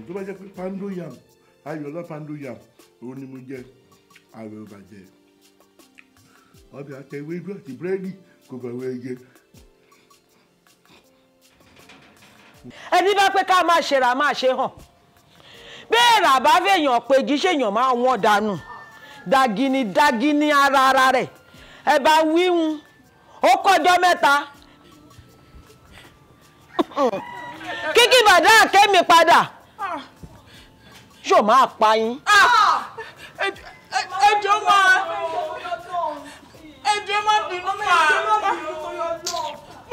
tó bá jẹ́ pé pando yam ayọ̀ pando yam òun ni mo jẹ àwẹ̀ ò bàjẹ́ ọbẹ̀ àtẹ̀wédú àti búrẹ́dì ẹni bá pé ká máa ṣe ra ṣe hàn bẹ́ẹ̀ rà bá fẹ̀yàn pé kì í máa wọ́n dànù dagini dagini ara ara rẹ̀ ẹ bá ó kọjọ́ mẹ́ta kíkì bàdá padà ṣò máa pa yín. Ah! ẹjọ́ máa. ẹjọ́ má bínú mà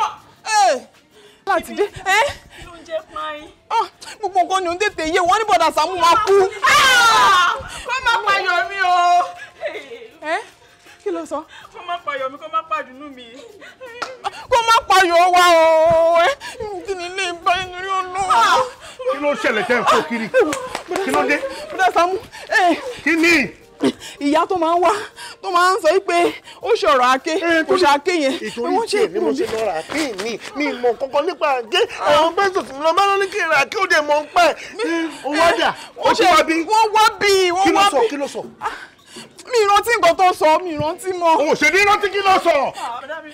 á. Eh, láti dé ẹ́. ló ń jẹ́ pààyàn. gbogbo nǹkan ni ò ń tètè yé wọn ní bọ̀dà Sàámú máa kú. Ah! kó má payọ̀ mi o. Eh, kí ló sọ. kó má payọ̀ mi kó má pàdùnú mi. kó má payọ̀ wa o eh, kí ni ilé ìbá ẹni rí olóòwò. kí ló ṣẹlẹ̀ tẹ́ ń fò kiri kí ló dé. bọ̀dà Sàámú. kí ni ìyá tó máa ń wá tó máa ń sọ pé ó ṣọ̀rọ̀ àké eh, kò ṣe àké yẹn pé wọ́n ṣe ìpò mi. ìtòrí tiẹ̀ ni mo ṣe lọ ra àké mi mi mọ kankan nípa àké àwọn pẹ́sẹ̀ tí mo lọ bá lọ ní kí n ra àké ó dẹ̀ mọ̀ ń pẹ́. Eh, ó wá dà eh, ó ṣe wá bí. wọ́n wá bí wọ́n wá bí. kí ló sọ kí ló sọ mi rántí nǹkan tó sọ mi rántí mọ. o ṣe ní rántí kí ló sọ. ọ̀dà ah, mi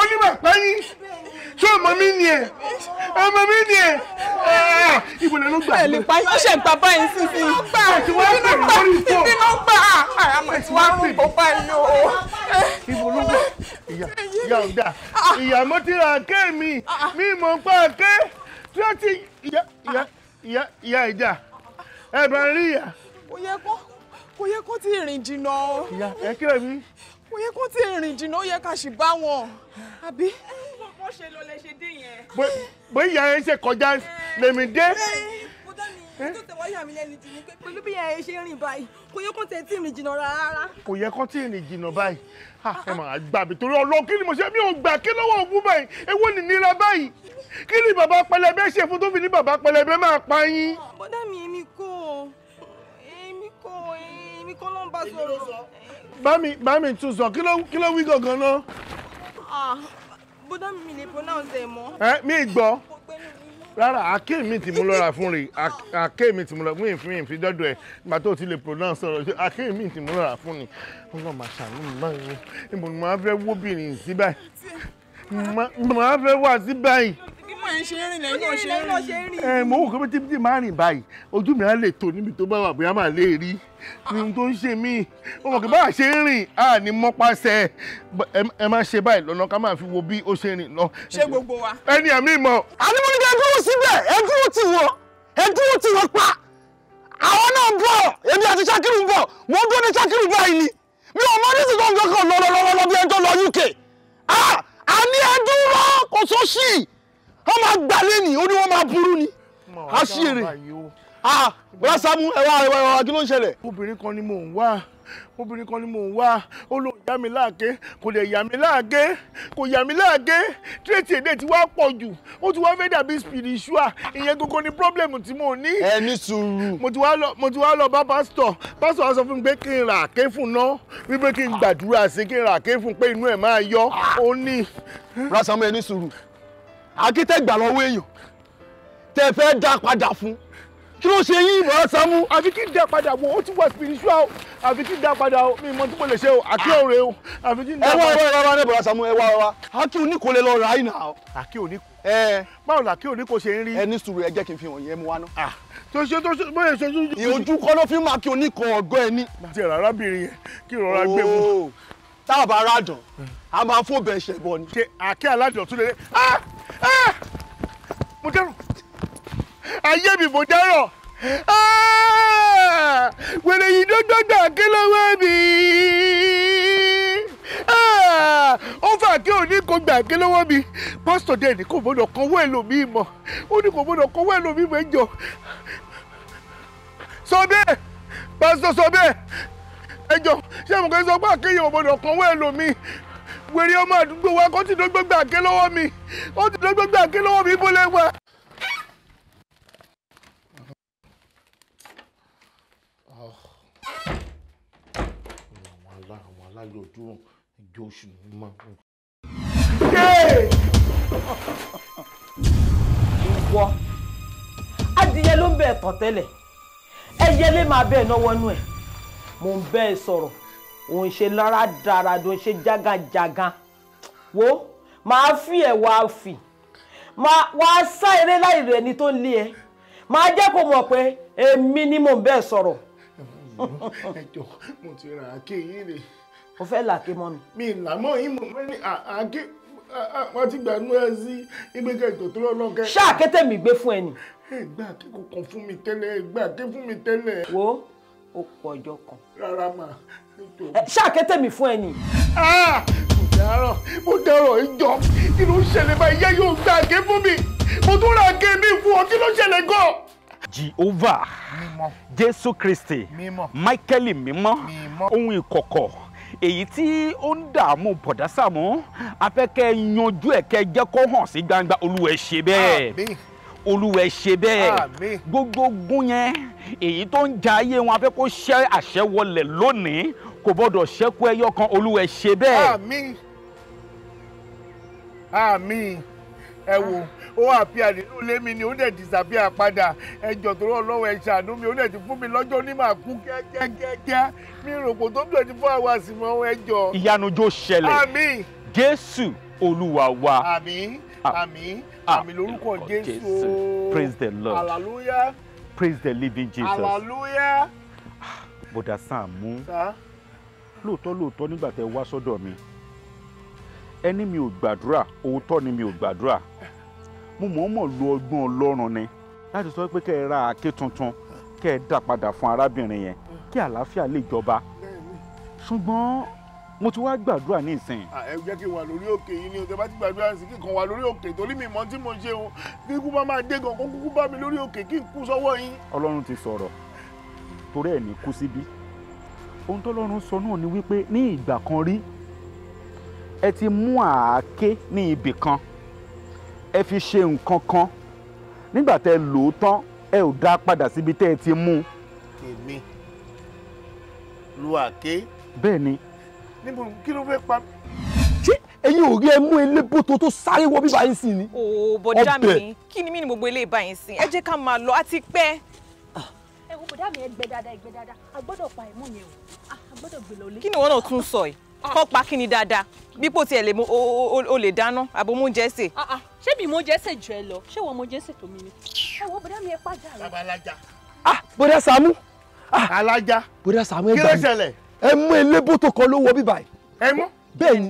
oníbàpá yín ṣé ọmọ mi ni ẹ ọmọ mi ni ẹ ìbò lẹnu gbà. ẹ lè pa yín ṣe gbà báyìí ah, sísè. Ah, ìbínú ah, gbà ìbínú gbà àmọ́ tí wàá rún bọ́ báyìí o. ìbò ló gbà ìyá ìyá ọ̀dà ìyá mọ́tìrà ké mi mi mọ̀ ń pa ké tí ó ti ìyá ìyá ìyá ìyá ìjà ẹ̀ bá rí ìyá. kò yẹ kó kò yẹ kó ti rìn jìnnà o. ìyá ẹ kí ẹ mi kò yẹ kó ti rìn jìnnà ó yẹ ká sì bá wọn àbí. bó ṣe lọ lẹ ṣe dé yẹn. bó ìyá yẹn ṣe kọjá lèmi dé. mo dá mi tó tẹ̀wọ́ yà mí lẹ́nu jù ní pé pẹ̀lú bí ìyá yẹn ṣe rìn báyìí kò yẹ kó ti rìn jìnnà rárá. kò yẹ kó ti rìn jìnnà báyìí ẹ máa gbà mí torí ọlọ́run kí ni mo ṣe mi ò gbà kí lọ́wọ́ ògún báyìí èwo ni nira báyìí kí ni bàbá pẹlẹbẹ ṣe fún tó fi ní bàbá pẹlẹbẹ máa pa yín. bọ́dà mi èmi kò èmi kò èmi kò ló ń bá sọ̀rọ̀ bámi bámi tún sọ kí ló kí ló wí gangan náà. ah bódà mi lè pronounce ẹ mọ. ẹ mi gbọ́ rárá àké mi tí mo lọ́ra fún rè àké mi tí mo lọ́ra fún ìfín ìfín dọ́dọ̀ ẹ̀ nígbà tó ti lè pronounce ọ̀rọ̀ ṣe àké mi tí mo lọ́ra fún ni ọlọ́run máa ṣàánú mi báyìí mo máa fẹ́ wóbìnrin sí báyìí mo máa fẹ́ wà sí báyìí mọ̀ ẹ́ ṣe rìn lẹ́yìn náà rìn. ẹ mọ òkú tí tí máa rìn báyìí ojú mi á lè tò níbi tó bá wà bóyá máa lè rí ní tó ń ṣe mí o mọ̀ kí ṣe ń rìn a ní mọ́páṣẹ ẹ má ṣe báyìí lọ́nà ká máa fi wo bí ó ṣe rìn lọ. ṣé gbogbo wa. ẹni ẹ̀mí mọ̀. àníwò ni ẹ síbẹ̀ ẹ dúró tì wọ́n ẹ dúró pa àwọn náà bọ̀ èmi àti Ṣakiru bọ̀ mo dúró ní Ṣakiru báyìí ni mi ò mọ wọ́n máa gbà lẹ́nìí ó ní wọ́n máa burú ni a ṣí èrè bọ́lá sámú ẹ̀wá ẹ̀wá ẹ̀wá kí ló ń ṣẹlẹ̀. obìnrin kan ni mò ń wá obìnrin kan ni mò ń wá ó ló yà mí láàké kò lè yà mí láàké kò yà mí láàké tírètì èdè tí wàá pọ̀ jù ó ti wáá fẹ́ dàbí spiritual ìyẹn gbogbo ni problem tí mo ní. ẹ ní sùúrù. mo ti wá lọ mo ti wá lọ bá pásítọ̀ pásítọ̀ wá sọ fún mi pé kí n ra àké fún ná wípé kí n gbàdúrà sí kí n ra àké fún pé inú ẹ̀ máa yọ ó ní. rasamu ẹ ní sùúrù akitẹ́gbà lọ́wọ́ èèyàn tẹ fẹ́ dá padà fún kí ló ṣe yín ìmọ̀ Sàámú. àfi kí n dá padà wo ó ti wà spiritual àfi kí n dá padà o mi mọ tí mo lè ṣe o àkí òre o àfi kí n dá padà. ẹ wá ọ̀rọ̀ wa ní bọ̀dá Sàámú ẹ wá ọ̀rọ̀ àkí òní kò lè lọ rà áyìn náà. àkí òní kò. ẹ báwo làkí òní kò ṣe ń rí. ẹ sùúrù ẹ jẹ́ kí n fi hàn yẹn mu wá náà. Ah, tó ṣe tó ṣe bóyá ìṣojú. ìojú kọ́ ló fi máa kí òní kan ọ̀gọ́ ẹ ní. tá a bá rádàn a máa fò bẹ́ẹ̀ ṣẹ̀bọ ni. ṣe àkí aládùn tún lè dé. Ah! mo dárò ayé mi mo dárò ah! wèrè yìí dọ́dọ́dọ́ àké lọ́wọ́ mi ah! ó fà kí òní kò gbà àké lọ́wọ́ mi pásítọ̀ dẹ̀ ní kò gbọ́dọ̀ kanwọ́ ẹlòmíì mọ̀ ó ní kò gbọ́dọ̀ kanwọ́ ẹlòmíì mọ̀ ẹjọ́ sọ bẹ́ẹ̀ pásítọ̀ sọ bẹ́ẹ̀ ẹjọ́ ṣé mo kẹ́ sọ pé àkéyàn ò gbọ́dọ̀ kanwọ́ ẹlòmíì wèrè ọmọ àdúgbò wa kó ti dógbó gbà ké lọ́wọ́ mi ó ti dógbó gbà ké lọ́wọ́ mi bó lè adìyẹ ló ń bẹ ẹ̀tàn tẹ́lẹ̀ ẹyẹlé máa bẹ́ẹ̀ náwó nú ẹ̀ mò ń bẹ́ẹ̀ sọ̀rọ̀ òun ṣe lára dáradò òun ṣe jágàjàgà wo màá fi ẹ̀ wá fì wàá sá eré láì rẹ̀ ẹni tó lé ẹ màá jẹ́ kó mọ̀ pé èmi ni mò ń bẹ́ẹ̀ sọ̀rọ̀. ẹjọ mo ti ra àáké yìí rè. o fẹ́ làáké mọ́ mi. mi làmọ́ yín mo fẹ́ ní àáké wọ́n ti gbà nú ẹ sí ìgbéga ètò tó lọ́lọ́kẹ́. ṣáà kété mi gbé fún ẹ nì. ẹ gbà kí kò kàn fún mi tẹ́lẹ̀ ẹ gbà kí fún mi tẹ́lẹ̀. wo o pọ̀ ọjọ́ kan. rárá mà ṣàkété mi fún ẹ ni. Ah, mo dárọ̀ mo dárọ̀ ìjọ kí ló ń ṣẹlẹ̀ báyìí yẹ́ yóò gba àgé fún mi mo tún ra àgé mi fún ọ kí ló ṣẹlẹ̀ gan. Jehovah Jésù Kristi Michael mímọ́ ohun ìkọ̀kọ̀ èyí tí ó ń dààmú bọ̀dásàmú afẹ́kẹ́ yanjú ẹ̀kẹ́ jẹ́ kó hàn sí gbangba Olúwa ẹ ṣe bẹ́ẹ̀ olúwẹ̀ ṣe bẹ́ẹ̀ gbogbo ogun yẹn èyí tó ń ja ayé wọn a fẹ́ kó ṣẹ́ àṣẹ wọlẹ̀ lónìí kò gbọ́dọ̀ ṣẹ́kù ẹyọ kan olúwẹ̀ ṣe bẹ́ẹ̀. àmín àmín ẹ wo ó àpíà nínú ilé mi ni ó dẹ̀ disappear padà ẹjọ́ tó rọ̀ lọ́wọ́ ẹ ṣàánú mi ó dẹ̀ ti fún mi lọ́jọ́ ní màá kú kẹ́kẹ́kẹ́kẹ́ mi rò kò tó twenty four hours mọ́ ẹjọ́. ìyanu ṣẹlẹ̀ jésù olúwa wa. àmín. Ah. àmín ah. àmín lórúkọ jésù praise the lord hallelujah praise the living jesus hallelujah. bọ̀dà ah, Sàámú lóòótọ́ lóòótọ́ nígbà tẹ wá sọ́dọ̀ mi ẹni mi ò gbàdúrà òótọ́ ni mi ò gbàdúrà mo mọ̀ọ́mọ̀ lo ọgbọ́n ọlọ́run ni láti sọ pé kẹ́ ẹ ra àáké tuntun kẹ́ ẹ dá padà fún arábìnrin yẹn kí àlàáfíà lè jọba ṣùgbọ́n mo ti wá gbàdúrà ní ìsìn. Ah, ẹ jẹ́ kí n wà lórí òkè yìí ni o tẹ bá ti gbàdúrà sí kí n kàn wà lórí òkè torí mi mọ tí mo ṣe o kí ikú bá máa dé gan kó kúkú bá mi lórí òkè kí n kú sọ́wọ́ yín. ọlọ́run ti sọ̀rọ̀ torí ẹ̀ ní kú síbí ohun tọ́lọ́run sọ náà ni wípé ní ìgbà kan rí ẹ ti mú àáké ní ibì kan ẹ fi ṣe nǹkan kan nígbà tẹ lò ẹ ò dá padà síbi tẹ ẹ ti mú. èmi lu àáké. bẹ́ẹ̀ ni níbo kí ló fẹ́ pa mí. ṣé ẹ̀yin ò rí ẹ mú elébòtò tó sáré wọ bíbá yín sí ni. o bọ̀dá mi kí ni mí ni gbogbo eléyìí bá yín sí ẹ jẹ́ ká máa lọ àti pẹ́. ẹ wo bọ̀dá mi ẹ gbẹ dáadáa ẹ gbẹ dáadáa a gbọ́dọ̀ pa ẹ̀mú yẹn o a gbọ́dọ̀ gbé lọ lé. kí ni wọn náà tún sọ yìí ah. kọ́ pa kí ni dáadáa bípò tiẹ̀ lè o lè dáná àbò mú jẹ́sẹ̀. Ah, ah. ṣé mi mú jẹ́sẹ̀ jù ẹ lọ ṣé wọ́n mú jẹ́sẹ̀ tó mi ni. ẹ wo bọ̀dá mi ẹ pàjá rẹ. bàbá alájà. ah bọ̀dá Sàámú. alájà kí ló ṣẹlẹ̀ ẹ mú elébó tó kọ lówó bíbá yìí. ẹ mọ. bẹ́ẹ̀ ni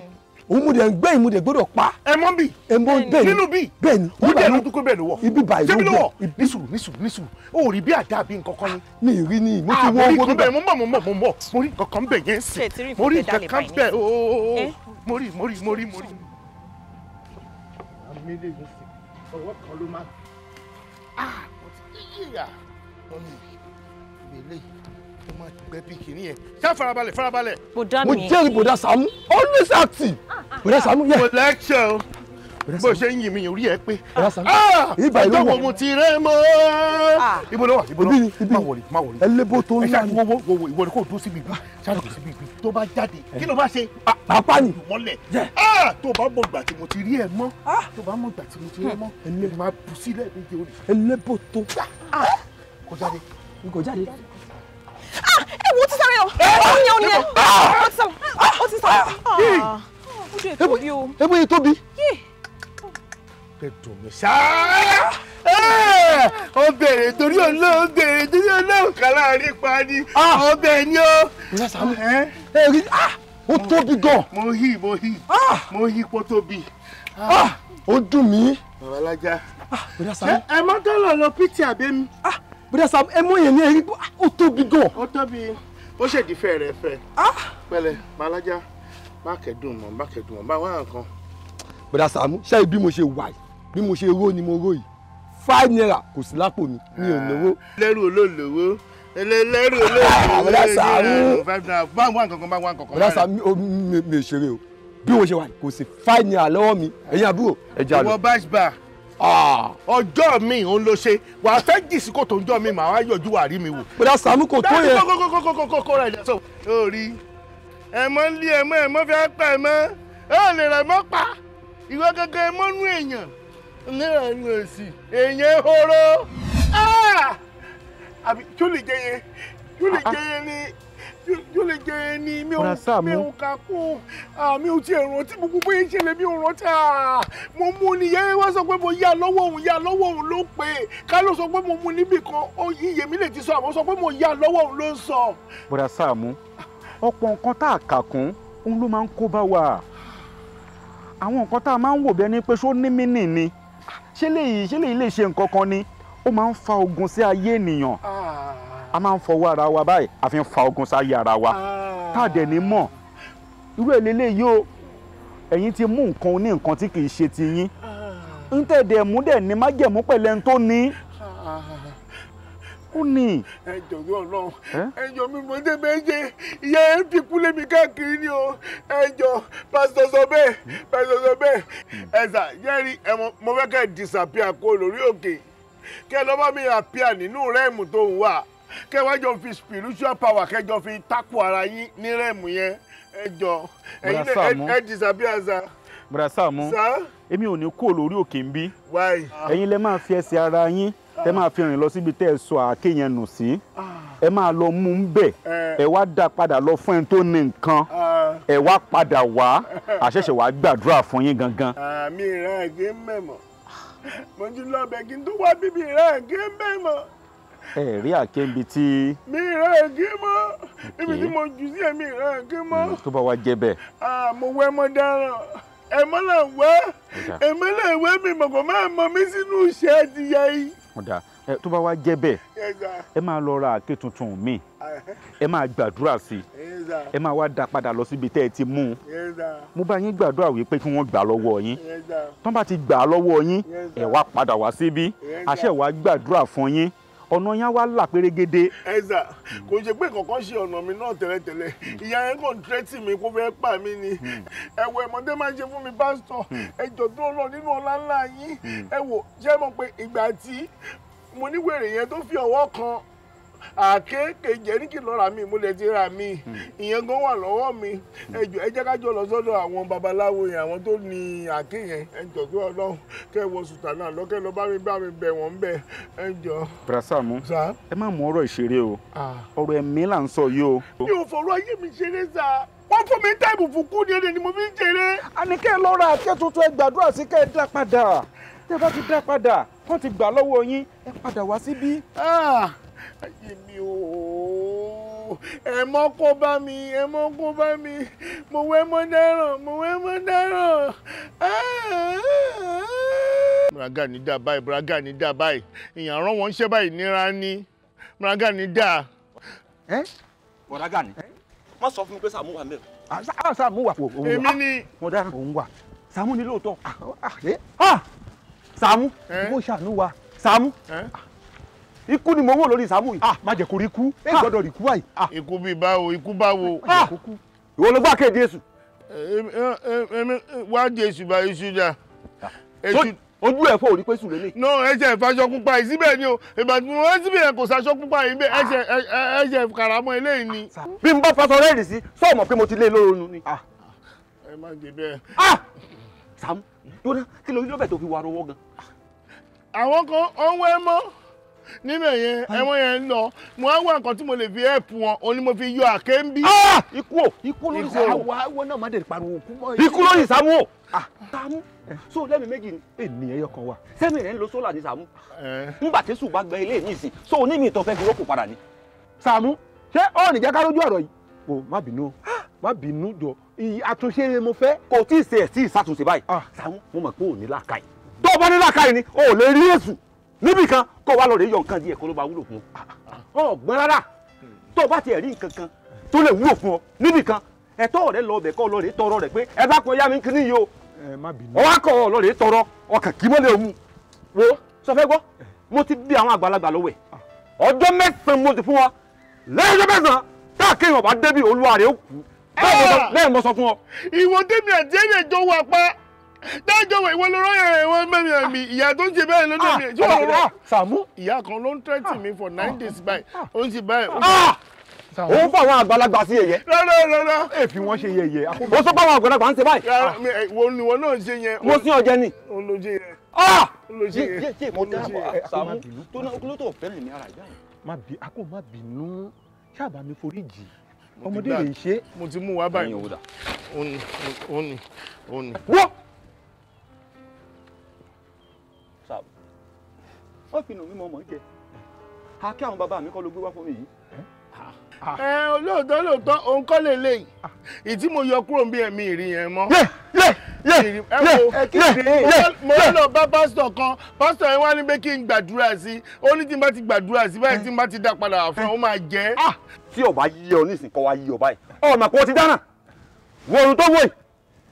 òun mu de gbẹ ìmu de gbọ́dọ̀ pa. ẹ mọ bí. ẹ mọ bẹ́ẹ̀ ni nínú bí. bẹ́ẹ̀ ni ó dẹ̀ lójú pé bẹ́ẹ̀ ló wọ. ibi báyìí ló wọ. sẹ́mi ló wọ nísùrù nísùrù nísùrù ó rí bí àdá bí nǹkan ni. mi rí ni mo ti wọ owó bíbá. mo mọ̀ mo mọ̀ mo mọ̀ mo rí nǹkan kan bẹ̀ yẹn sè mo rí nǹkan kan ooo mo rí mo rí mo rí ọwọ́ kan ló máa mo máa gbẹ bí kìíní yẹn ṣá farabalẹ̀ farabalẹ̀. bòdá mi mo jẹ́rìí bòdá Sàámú always active ah, ah. bòdá Sàámú yẹ. collection bó ṣe ń yìn mí orí ẹ pé ọjọ́ ah! wo mo ti rẹ́ mọ́ ibo ló wà ibo ló wà wọlé má wọlé ẹlẹ́bó tó ń yá ni wọ́wọ́ wọ́wọ́ ìwọ ni kò dúró síbi ibi ṣáà kò síbi ibi tó bá jáde kí ló bá ṣe pàápàá ni mọ́lẹ̀ tó bá mọ̀ gbà tí mo ti rí ẹ mọ́ tó bá mọ̀ gbà tí mo ti rí ẹ mọ́ ẹlẹ́bó tó kò jáde ẹ wo ti sáré o ó ní ó ní ẹ ó ti sáré ó ti sáré ojú ẹ tóbi o. ewu yìí tóbi. ẹ dùn mí sáá ó bèrè torí ọ̀nà ó bèrè torí ọ̀nà kàlá rí pa ni ó bẹ̀ ni ó. ǹjẹ́ sàmú ẹ rí ó tóbi gan. mo hí mo hí mo hí kó tóbi. ó dùn mí. bàbá alájà ẹ má dọ́là lọ pt àbẹ́mi bùdá sam ẹ mú yẹn ní ẹrí pé ah, ó tóbi gan. ó tóbi ó ṣèdí fẹ́ rẹ ah! fẹ́ pẹ̀lẹ́ balaja má kẹ́dùn mọ́ má kẹ́dùn mọ́ bá wà nǹkan. bùdá sam ṣáà bí mo ṣe wà yìí bí mo ṣe ró ni mo ró yìí five naira kò sí lápò mi mi ò lówó. lẹ́rù olólùwó lẹ́rù olólùwó lẹ́rù olólùwó five naira bá wà nǹkan kan bá wà nǹkan kan. bùdá sam mi ò ṣeré o bí mo ṣe wà kò sí five naira lọ́wọ́ mi ẹ̀yin àbúrò ẹ̀já lọ. ìwọ báṣbà ọjọ́ mi òun ló ṣe wàá fẹ́ jì sí kòtò ńjọ́ mi màá wá yọjú wàá rí mi wò. bùdá Sàámú kò tó yẹ. kókókókókókó rẹ̀ jẹ́sọ̀ ó rí ẹ mọ ń lé ẹ mọ ẹ mọ fẹ́ pa ẹ mọ ẹ lè rẹ mọ pa ìwọ kankan ẹ mọ nú èèyàn ní ẹnu èsì èèyàn ehoro àbí tó lè jẹ yẹn tó lè jẹ yẹn ní yóò lè jẹ ẹni mi ò mi ò kà kún mi ò tiẹ̀ rántí gbogbo pé ń ṣẹlẹ̀ mi ò rántí mo mú ni yẹn wá sọ pé mo yá lọ́wọ́ òun yá lọ́wọ́ òun ló pè é ká ló sọ pé mo mú níbì kan iye mi lè ti sọ àmọ́ sọ pé mo yá lọ́wọ́ òun ló ń sọ. bùrà Sàámú ọ̀pọ̀ nǹkan tá a kà kún òun ló máa ń kó bá wa àwọn nǹkan tá a máa ń wò bẹ́ẹ̀ ni pé ṣó ní mínì ni ṣé lèyí ṣé lèyí lè ṣe nǹkan kan ni ó máa ń fa ogun sí ayé ènìyàn a máa ń fọwọ́ ara wa báyìí a fi ń fa ogun sáyé ara wa káàdẹ̀ ah. ní mọ̀ irú èlélẹ̀ yìí o ẹ̀yin ti mú nǹkan ní nǹkan tí kì í ṣe ti yín ń ah. tẹ̀dẹ̀ mú dẹ̀ ní májẹ̀mú pẹ̀lẹ́ ń tó ní kú ni. ẹ jọ̀wọ́ ọlọ́run ẹ jọ mi mo dé méje ìyá ẹ ń fikú lémi káàkiri ni o ẹ jọ pásítọ̀ sọ bẹ́ẹ̀ pásítọ̀ sọ bẹ́ẹ̀ hmm. ẹ sà yẹ́rì ẹ mo fẹ́ kẹ́ disapia kó lórí òkè kẹ́ lọ́ bá mi apia nínú rẹ́ẹ̀mù tó ń wà kẹwàá jọ fi spiritual power kẹjọ fi tako ara yín ní rẹ́ẹ̀mù yẹn ẹ jọ ẹyin ẹ disabiaza. bùrà Sàámú èmi ò ní kú lórí òkè ń bí ẹ̀yin lẹ máa fi ẹsẹ̀ ara yín tẹ máa fi rìn lọ síbi tẹ ẹ sọ àáké yẹn nù sí ah. ẹ máa lọ mú un bẹ eh. ẹ wá dá padà lọ fún ẹni tó ní nǹkan ah. ẹ wá padà wá àṣẹ̀ṣẹ̀ wá gbàdúrà fún yín gangan. àmì ìran ẹ̀gẹ́ mẹ́mọ̀ mojú lọ́bẹ̀ kí n tó wá bíbí ìran ẹ̀gẹ́ mẹ́mọ̀ ẹ rí àkéǹbi tí. mi ràn àgé mọ́ ibi tí mo jù sí ẹ̀mí ràn àgé mọ́. Mm, tó bá wa jẹ bẹ́ẹ̀. mo wẹ́ mọ́ dáràn ẹ̀mọ́ là ń wá ẹ̀mọ́ là ń wá mi mọ̀kọ́ máa mọ mi sínú iṣẹ́ àtìyá yìí. ọ̀dà tó bá wa jẹ bẹ́ẹ̀ ẹ máa lọ ra àké tuntun mi ẹ máa gbàdúrà sí i ẹ máa wá da padà lọ síbi tẹ́ ẹ ti mú un mo bá yín gbàdúrà wípé kí wọ́n gbà lọ́wọ́ yín tán bá ti gbà lọ́wọ́ yín ẹ wá padà wá síbí àṣẹ wá gbàdúrà fún yín ọ̀nà yẹn wá là pérégede. ẹ sà kò ṣe pé kankan ṣe ọ̀nà mi náà tẹ́lẹ̀tẹ́lẹ̀ ìyá yẹn kàn tírẹ́tì mi kó fẹ́ pa mí ni ẹ̀wọ̀ ẹ̀mọ́dé máa ń ṣe fún mi pásítọ̀ ẹjọ́ tó lọ nínú ọlá ńlá yín ẹ wò ṣé mọ̀ pé ìgbà tí mo níwèrè yẹn tó fi ọwọ́ kan àkékè jẹ́ríkì lọ́ra mi mo lè ti ra mi hmm. ìyẹn gan wà lọ́wọ́ mi hmm. ẹjọ́ ẹ jẹ́ ká jọ lọ sọ́dọ̀ àwọn babaláwo yẹn àwọn tó ní àké yẹn ẹjọ́ tó ọlọ́run kẹ́ wọ sùtánà lọ́kẹ́ lọ bá mi bá mi bẹ̀ wọ́n bẹ̀ ẹjọ́. brasamu ẹ má mú ọ̀rọ̀ ìṣeré o ọ̀rọ̀ ẹ̀mí là ń sọ yìí o. mi ò fọ̀rọ̀ ayé mi ṣeré sá wọ́n fún mi táìmù fún kú ní ẹni ni mo fi ń ṣeré. àníkẹ́ lọ́ra àkẹ́ tuntun ẹ gbàdúrà sí kẹ́ ẹ dá padà tẹ́ ẹ bá ti dá padà wọ́n ti gbà lọ́wọ́ yín ẹ padà wá síbí ayé mi ooo ẹ mọ́ kó bá mi ẹ mọ́ kó bá mi mo wẹ́ mọ́ dáràn mo wẹ́ mọ́ dáràn. braga ní dà báyìí braga ní dà báyìí èèyàn rán wọn ṣẹ́ báyìí níra ní braga ní dà. braga ní wọ́n sọ fún mi pé Sàámú wà mẹ́rin. Ah, ah, Sàámú wà òun wà èmi ni ah, mo dára òun wà Sàámú ni lóòótọ́ Sàámú bó ṣàánú wa Sàámú ikú ni mo wò lórí ìsàmù yìí. ah má jẹ́ kó rí ikú ẹ gbọ́dọ̀ rí ikú Ah, ikú bíi báwo ikú báwo. Ah. Ah. ìwọ ló gbà kéde èṣù. èmi wá di èṣù bá èṣù dà. ojú ẹ̀ fọ́ òrí pé èṣù lélẹ̀. no ẹsẹ̀ ìfaṣọ pupa yìí síbẹ̀ ni o ìgbà tí mo wá síbẹ̀ yẹn kò ṣaṣọ pupa yìí bẹ́ẹ̀ ẹsẹ̀ ah. ẹsẹ̀ karamọ́ eléyìí ni. bí n bá faṣọ rẹ́ẹ̀rì sí sọ́ọ̀mọ̀ pé mo ti lé e lórun ni. ẹ má gbé bẹ́ẹ̀. Sàámú jóná kí lóyún lọ́bẹ̀ tó fi wà rọwọ́ gan. àwọn kan ọ̀hún ẹ mọ́ níbẹ̀ yẹn ẹ̀wọ̀n yẹn ń lọ mo á wá nǹkan tí mo lè fi ẹ̀pù wọn òun ni mo fi yọ àké ń bí. Ah! ikú o ikú lórí ìsàwọ̀ àwọn náà má dé pariwo kú mọ́. ikú lórí ìsàwọ̀. Ah, Sàámú so lẹ́mi méjì ni ènìyàn yọ kan wa sẹ́mi rẹ̀ ń lo sólà ní Sàámú eh. nígbà tí sùn bá gbẹ ilé mi sí so onímì ìtàn fẹ́ fi rọ́pò padà ni. Sàámú ṣé ó nìjẹ́ ká lójú ọ̀rọ̀ yìí. o má bínú má bínú jọ àtúnṣe ni mo fẹ́. kò tí ì ṣe ẹ̀ tí ì ṣàtúnṣe báyìí ah. Sàámú mo mọ̀ pé ò ní làákàyè. tó o bá ní làákàyè ni o ò lè rí èsù níbì kan kó wá lọ rè yọ nǹkan díẹ̀ kó ló bá wúlò fún ọ ah, ah, ọgbọ́n rárá tó o bá tiẹ̀ rí nǹkan kan tó lè wúlò fún ọ níbì kan ẹ̀tọ́ rẹ lọ ọbẹ̀ kọ́ lọ rè tọrọ rẹ pé ẹ bá kun ẹyá mi kí níyì o ọwọ́ akọ̀ ọ lọ rè tọrọ ọkàn kì í mọ́lẹ̀ òmu wo sọ fẹ́ gbọ́ mo ti bí àwọn àgbàlagbà lọ́wọ́ ẹ̀ ah. ọjọ́ mẹ́sàn-án mo ti fún wa lẹ́yìn ọjọ́ mẹ́sàn-án débi olúwa rẹ̀ ó kú bẹ́ẹ̀ mo sọ fún ọ. ìwọ débi àti ẹ̀yẹ̀ jọ dájọ́ wẹ̀ ìwọ ló rọ́yà ẹ̀wọ̀n mẹ́mi ẹ̀mí ah. ìyá tó ń ṣe bẹ́ẹ̀ lọ́dọ̀ ah. mi tí wọ́n rọ́ Sàámú. ìyá kan ló ń tẹ́tì ah. mi for nine days báyìí ó ń ṣe báyìí. ó ń fọ àwọn àgbàlagbà sí yẹ̀yẹ́. rárá rárá. ẹ fi wọn ṣe yẹ̀yẹ́. ó sọ pé àwọn àgbàlagbà ń ṣe báyìí. wo ni wọn náà ṣe yẹn. mo sí ọjẹ ni. olóje yẹn. ah mo dábọ̀ Sàámú tó tó fẹ́ lè ní ara ìyá yẹn. a kò má bínú ṣáàbà mi foríjì ọmọdé lè ṣe. mo ti mú wa báyìí. òun ni òun ni òun ni. wọ́n ó fi nù mí mọ̀ mọ̀ jẹ àkẹ́ àwọn bàbá mi kọ́ ló gbé wá fún mi yìí. ẹ eh, olóòótọ́ lóòótọ́ òun kọ́ lè lè ìtí mo yọ kúrò bí ẹ̀mí ìrì yẹn mọ́. ẹ wo mo ń lọ bá pásítọ̀ kan pásítọ̀ yẹn wá ní pé kí n gbàdúrà sí i ó ní tí n bá ti gbàdúrà sí i báyìí tí n bá ti dá padà fún ọ ó máa jẹ́. Ah! tí ọba yí ọ nísìnyí kọ́ wa yí ọba yìí ọmọ kò ti dáná wọ̀rùn tó wọ̀ yìí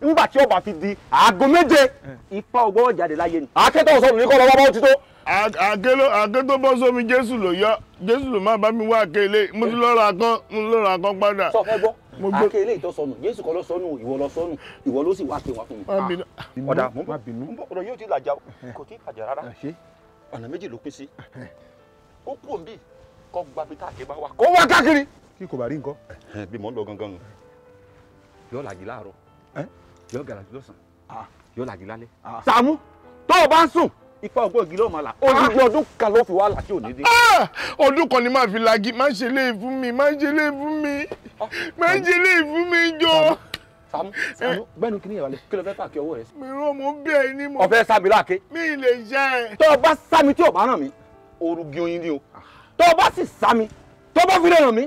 nígbà tí ọba fi di aago méje ipa ọgbọ́n jáde láyé ni. akẹ́tọ̀ sọ̀rọ̀ ní kọ́ lọ́wọ́ bá ó ti tó àké tó bọ́ sómi jésù ló yọ jésù ló má bá mi wá àké ilé mo ti lọ́ọ́ ra kán mo ti lọ́ọ́ ra kán padà. sọ fẹ́ gbọ́ àké ilé ìtọ́ sọnù jésù kan ló sọnù ìwọ ló sọnù ìwọ ló sì wá pé wá fún mi. Ah. ọ̀dà mo bínú ọ̀rọ̀ yóò ti làjà kò tí ì kàjà rárá ah, ọ̀nà méjì ló pín sí <laughs> ó kú òǹbí kọ́ gba bí táàkì bá wà kó wá káàkiri. kí kò bá rí nǹkan. bí mò ń lọ gangan yóò làjì láàárọ̀ yóò ipa ògbóògì ló máa là ojú ah! ọdún kan ló fi wá là tí ò ní dé. Ah! ọdún kan ni màá fi lagi má ṣe lè fún mi má ṣe lè fún mi ah! má ṣe lè fún mi jọ. Sàámú Sàámú eh! gbẹ́nu kí ni ìyàwó rẹ̀ kí ló fẹ́ pàkí ọwọ́ rẹ̀ sí. mi rán mo bí ẹ ní mo. ọ̀fẹ́ sábì láàké. mi lè ṣe tó o bá sámi tí o bá ràn mí orugi oyin ni o tó o bá sì sámi tó o bá fi lè ràn mí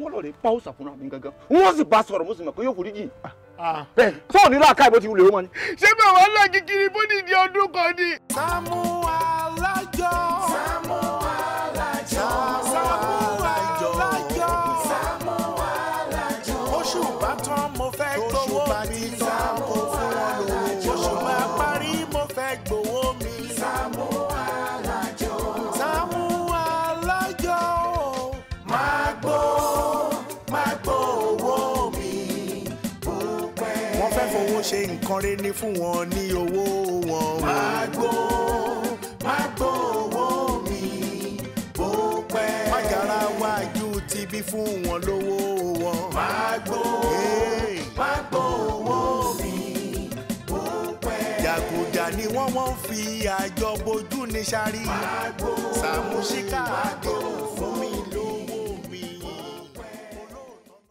wọ́n lọ rè pa ó sàfúnra mi gangan wọ́n sì bá sọ̀rọ̀ mo Ah. bẹ́ẹ̀ tó ò ní láàká ìbò ti wulè ó mọ ni. ṣé bàbá lọ kíkiri bó ní di ọdún kan ni. Sàámú Alájọ. Sàámú. ọmọre ní fún wọn ní owó wọn. Magbo Magbo owó mi bó pẹ́. Mágara wájú ti bí fún wọn lówó wọn. Magbo Magbo owó mi bó pẹ́. Jàgùjà ni wọ́n wọ́n fi àjọ bojú ní sáré. Magbo Magbo Sàmúsíkà àdéhùn fún mi.